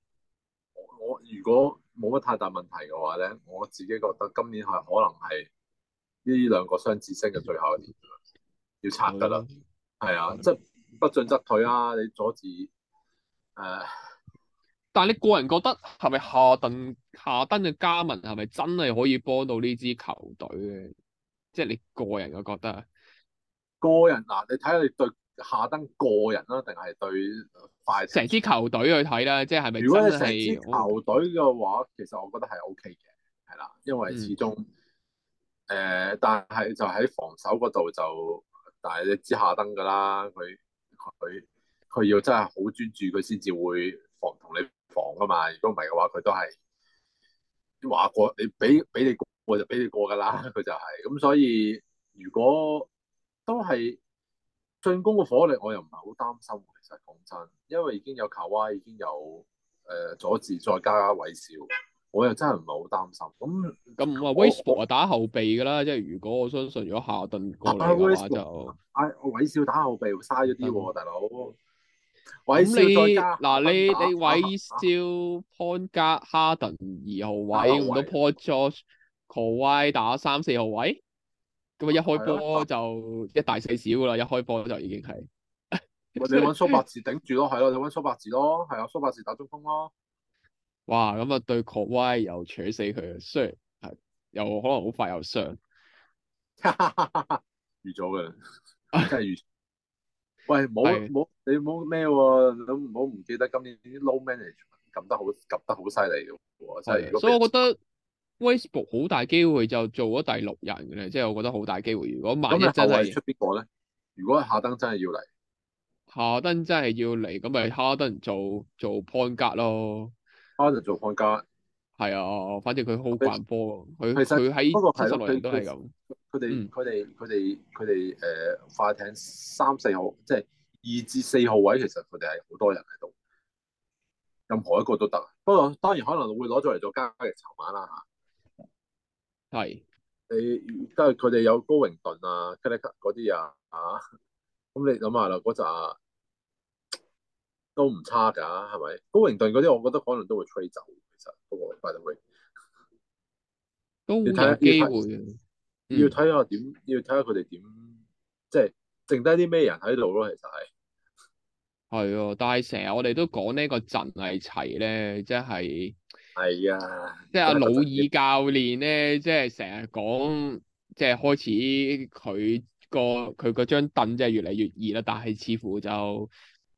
我我如果冇乜太大問題嘅話咧，我自己覺得今年係可能係呢兩個雙子星嘅最後一年，要拆㗎啦。係啊，即係。不進則退啊！你阻止誒？呃、但係你個人覺得係咪夏登夏登嘅加盟係咪真係可以幫到呢支球隊嘅？即、就、係、是、你個人嘅覺得。個人嗱、啊，你睇下你對夏登個人啦、啊，定係對快成支球隊去睇咧？即係係咪真係？成支球隊嘅話，不其實我覺得係 O K 嘅，係啦，因為始終誒、嗯呃，但係就喺防守嗰度就，但係你知夏登噶啦，佢。佢佢要真係好專注，佢先至會防同你防噶嘛、就是。如果唔係嘅話，佢都係話過你俾俾你過我就俾你過噶啦。佢就係咁，所以如果都係進攻嘅火力，我又唔係好擔心。其實講真，因為已經有卡哇，已經有誒、呃、佐治，再加韋少。我又真係唔係好擔心，咁咁啊 Westbrook 啊，打後備噶啦，即係如果我相信如果哈登過嚟嘅話就，哎、啊，韋少打後備會嘥咗啲喎，大佬。韋少再加，嗱你你韋少 point 加哈登二號位，咁都 Paul George、Kawhi 打三四號位，咁啊一開波就一大四小噶啦、啊，一開波就已經係 *laughs* 。你揾蘇柏治頂住咯，係咯，你揾蘇柏治咯，係啊，蘇柏治打中鋒咯。哇！咁啊，對 Kawhi 又扯死佢啊，雖然係又可能好快又傷預咗嘅，真係預。 *laughs* 喂，冇冇的你冇咩喎？唔好唔記得今年啲 low management 撳得好撳得好犀利嘅喎，係、啊。所以我覺得 Westbrook 好大機會就做咗第六人嘅咧，即係、嗯、我覺得好大機會。如果萬一真係出邊個咧？如果夏登真係要嚟，夏登真係要嚟，咁咪哈登做做 point guard 咯。阿就做放假？係啊，反正佢好掛波，佢佢喺台山內地都係咁。佢哋佢哋佢哋佢哋誒快艇三四號，即係二至四號位，其實佢哋係好多人喺度。任何一個都得，不過當然可能會攞咗嚟做交易籌碼啦嚇。係、啊，你而家佢哋有高榮頓啊、吉利克嗰啲啊，嚇、啊，咁你諗下啦嗰陣。都唔差㗎，係咪？高榮頓嗰啲，我覺得可能都會 trade 走，其實嗰個快隊都冇機會。要睇下點，要睇下佢哋點，即係剩低啲咩人喺度咯。其實係係啊，但係成日我哋都講呢個陣係齊咧，的即係係啊，即係阿魯爾真真教練咧，即係成日講，即係開始佢、嗰個佢嗰張凳就越嚟越熱啦，但係似乎就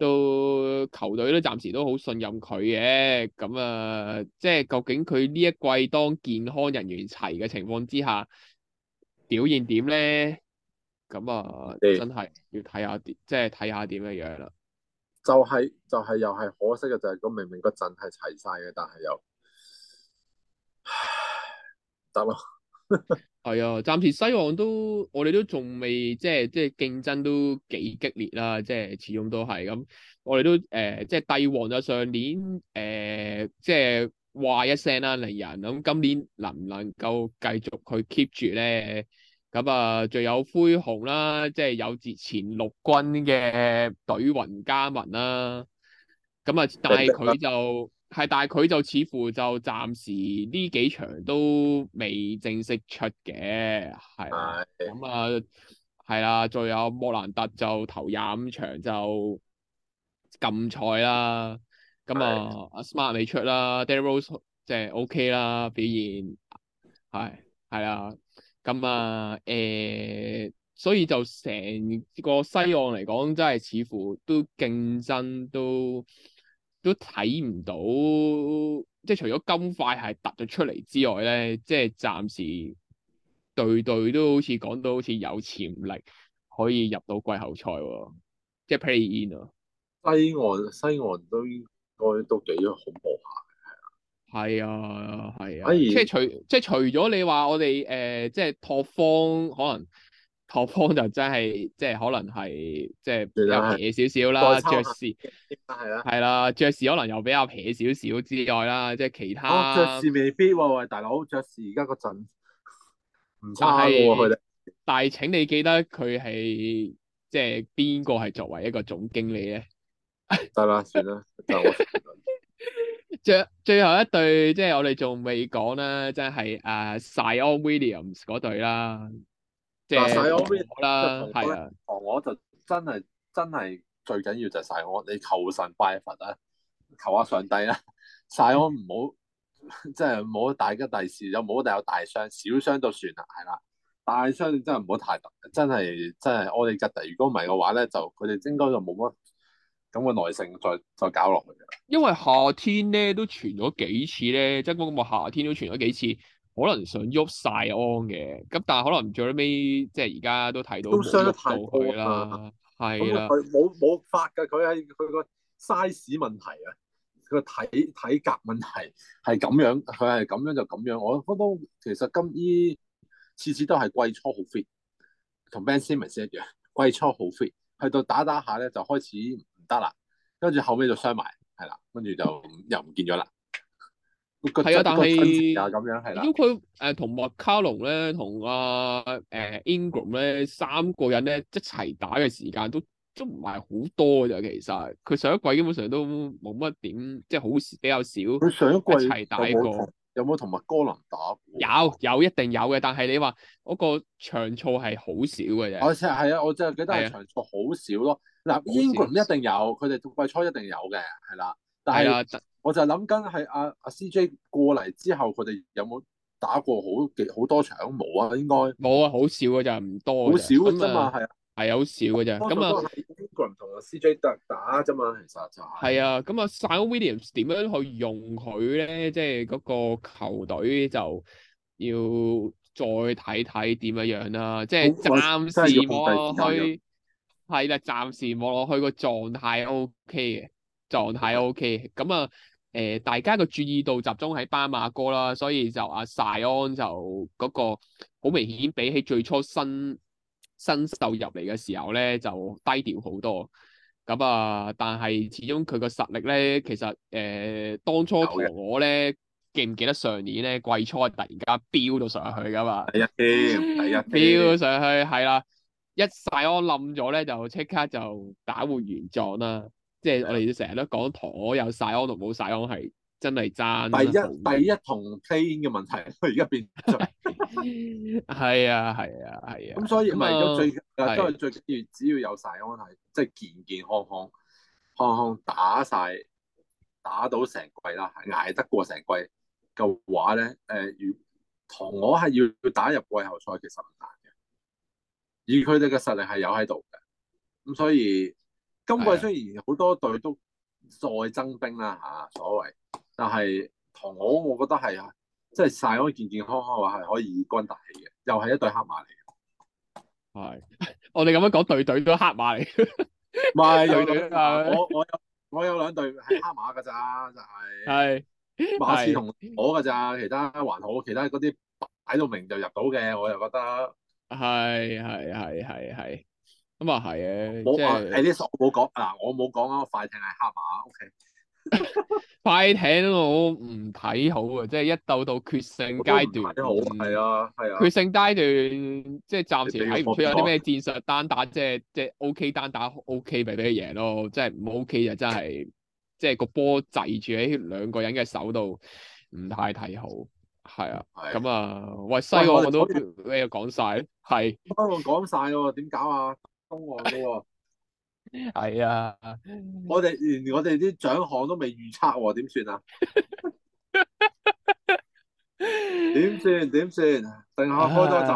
都球隊都暫時都好信任佢嘅，咁啊，即係究竟佢呢一季當健康人員齊嘅情況之下，表現點咧？咁啊，嗯、真係要睇下，即係睇下點嘅樣啦、就係。就係就係又係可惜嘅就係，咁明明個陣係齊晒嘅，但係又得咯。 *laughs* 係啊，暫時西王都，我哋都仲未，即係即係競爭都幾激烈啦，即係始終都係咁。我哋都誒、呃，即係帝王就上年誒、呃，即係話一聲啦，嚟人咁，今年能唔能夠繼續去 keep 住咧？咁啊，仲有灰熊啦，即係有之前綠軍嘅隊魂加盟啦，咁啊，但係佢就。係，但係佢就似乎就暫時呢幾場都未正式出嘅，係啦。咁啊的，係啦，仲有莫蘭特就投廿五場就禁賽啦。咁的啊，阿 Smart 未出啦，Daryl Rose 即係 OK 啦，表現係係啦。咁啊，誒、呃，所以就成個西岸嚟講，真係似乎都競爭都。都睇唔到，即係除咗金塊係突咗出嚟之外咧，即係暫時對對都好似講到好似有潛力可以入到季後賽，哦，即係 play in 啊、哦！西岸西岸都應該都幾恐怖下嘅，係啊，係啊，係啊，即係除即係除咗你話我哋誒、呃，即係拓荒可能。何方就真係即係可能係即係有平少少啦，爵士係啦，爵士時可能又比較平少少之外啦，即係其他爵士、啊、未必喂，大佬，爵士而家個陣唔差過佢哋，但係請你記得佢係即係邊個係作為一個總經理咧？得啦，算啦， *laughs* 就最最後一對即係我哋仲未講啦，即係誒 Zion Williams 嗰對啦。晒我邊好啦，係啊，我就真係的真係最緊要就晒我，你求神拜佛啦，求下上帝啦，晒我唔好，即係唔好大吉大利，又唔好帶有大傷，小傷就算啦，係啦，大傷你真係唔好太大，真係真係我哋吉第，如果唔係嘅話咧，就佢哋應該就冇乜咁嘅耐性再再搞落去。因為夏天咧都傳咗幾次咧，即係嗰個夏天都傳咗幾次。可能想喐晒 on 嘅，咁但係可能最尾即係而家都睇到，到都傷得太過啦，係啦，佢冇冇法嘅，佢係佢個 size 問題啊，佢個體，體格問題係咁樣，佢係咁樣就咁樣。我我都其實今衣次次都係季初好 fit，同 Ben Simmons 一樣，季初好 fit，去到打打下咧就開始唔得啦，跟住後尾就傷埋，係啦，跟住就又唔見咗啦。係啊，但、呃、係，咁樣係啦。咁佢誒同麥卡龍咧，同阿誒英格咧，三個人咧一齊打嘅時間都都唔係好多嘅啫。其實佢上一季基本上都冇乜點，即係好比較少。佢上一季一齊打，打過，有冇同麥哥林打過？有有一定有嘅，但係你話嗰個長錯係好少嘅啫，啊。我即係係啊，我即係覺得係長錯好少咯。嗱的，英格唔一定有，佢哋季初一定有嘅，係啦。但係。我就諗緊係阿阿 CJ 過嚟之後，佢哋有冇打過好幾好多場冇啊？應該冇啊，好少嘅咋，唔多，好少啫嘛，係啊，係好少嘅咋。咁啊，個唔同阿 CJ 得打啫嘛，其實就係啊。咁啊，Sam、啊、Williams 點樣去用佢咧？即係嗰個球隊就要再睇睇點樣樣、啊、啦。即係好暫時望落去，係啦、啊啊，暫時望落去、個狀態 O K 嘅，狀態 O K 嘅。咁啊。誒、呃，大家嘅注意度集中喺班馬哥啦，所以就阿、啊、曬安就嗰個好明顯，比起最初新新秀入嚟嘅時候咧，就低調好多。咁啊，但係始終佢個實力咧，其實誒、呃，當初同我咧，的記唔記得上年咧季初突然間飆到上去㗎嘛？一,一飆，一飆上去，係啦，一曬安冧咗咧，就即刻就打回原狀啦。即係我哋成日都講，陀有晒安同冇晒安係真係爭第一第一同 play-in 嘅問題，佢而家變咗。係啊係啊係啊。咁、啊啊嗯、所以唔係、嗯、最，都係、啊、最緊要只要有晒安係，即、就、係、是、健健康康，康康打晒，打到成季啦，捱得過成季嘅話咧，誒、呃，如唐我係要打入季後賽，其實唔難嘅，而佢哋嘅實力係有喺度嘅，咁所以。今季雖然好多隊都再增兵啦嚇、啊，所謂，但係唐我，我覺得係即係曬開健健康康話係可以幹大氣嘅，又係一隊黑馬嚟。係，我哋咁樣講隊隊都黑馬嚟，唔係隊 *laughs* 我我有我有兩隊係黑馬㗎咋，就係、係、馬刺同我㗎咋，其他還好，其他嗰啲擺到明就入到嘅，我又覺得係係係係係。咁啊，係啊，即係誒啲索冇講嗱，我冇講啊。快艇係黑馬，O K。快艇我唔睇好啊，即係一到到決勝階段，係啊係啊，決勝階段即係暫時睇唔出有啲咩戰術單打，即係即係 O K 單打 O K，咪俾佢贏咯。即係唔 O K 就真係即係個波滯住喺兩個人嘅手度，唔太睇好係啊。咁啊，喂，西岸我都你又講曬係，不過講曬喎？點搞啊？中獎嘅喎，係 *laughs* 啊！我哋連我哋啲獎項都未預測，點算？ *laughs* *laughs* 算，算啊？點算？點算？等下開多一集，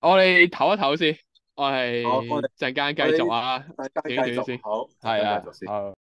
我哋唞一唞先。我係，我哋陣間繼續啊！ *laughs* 大家繼續先好，好係啊！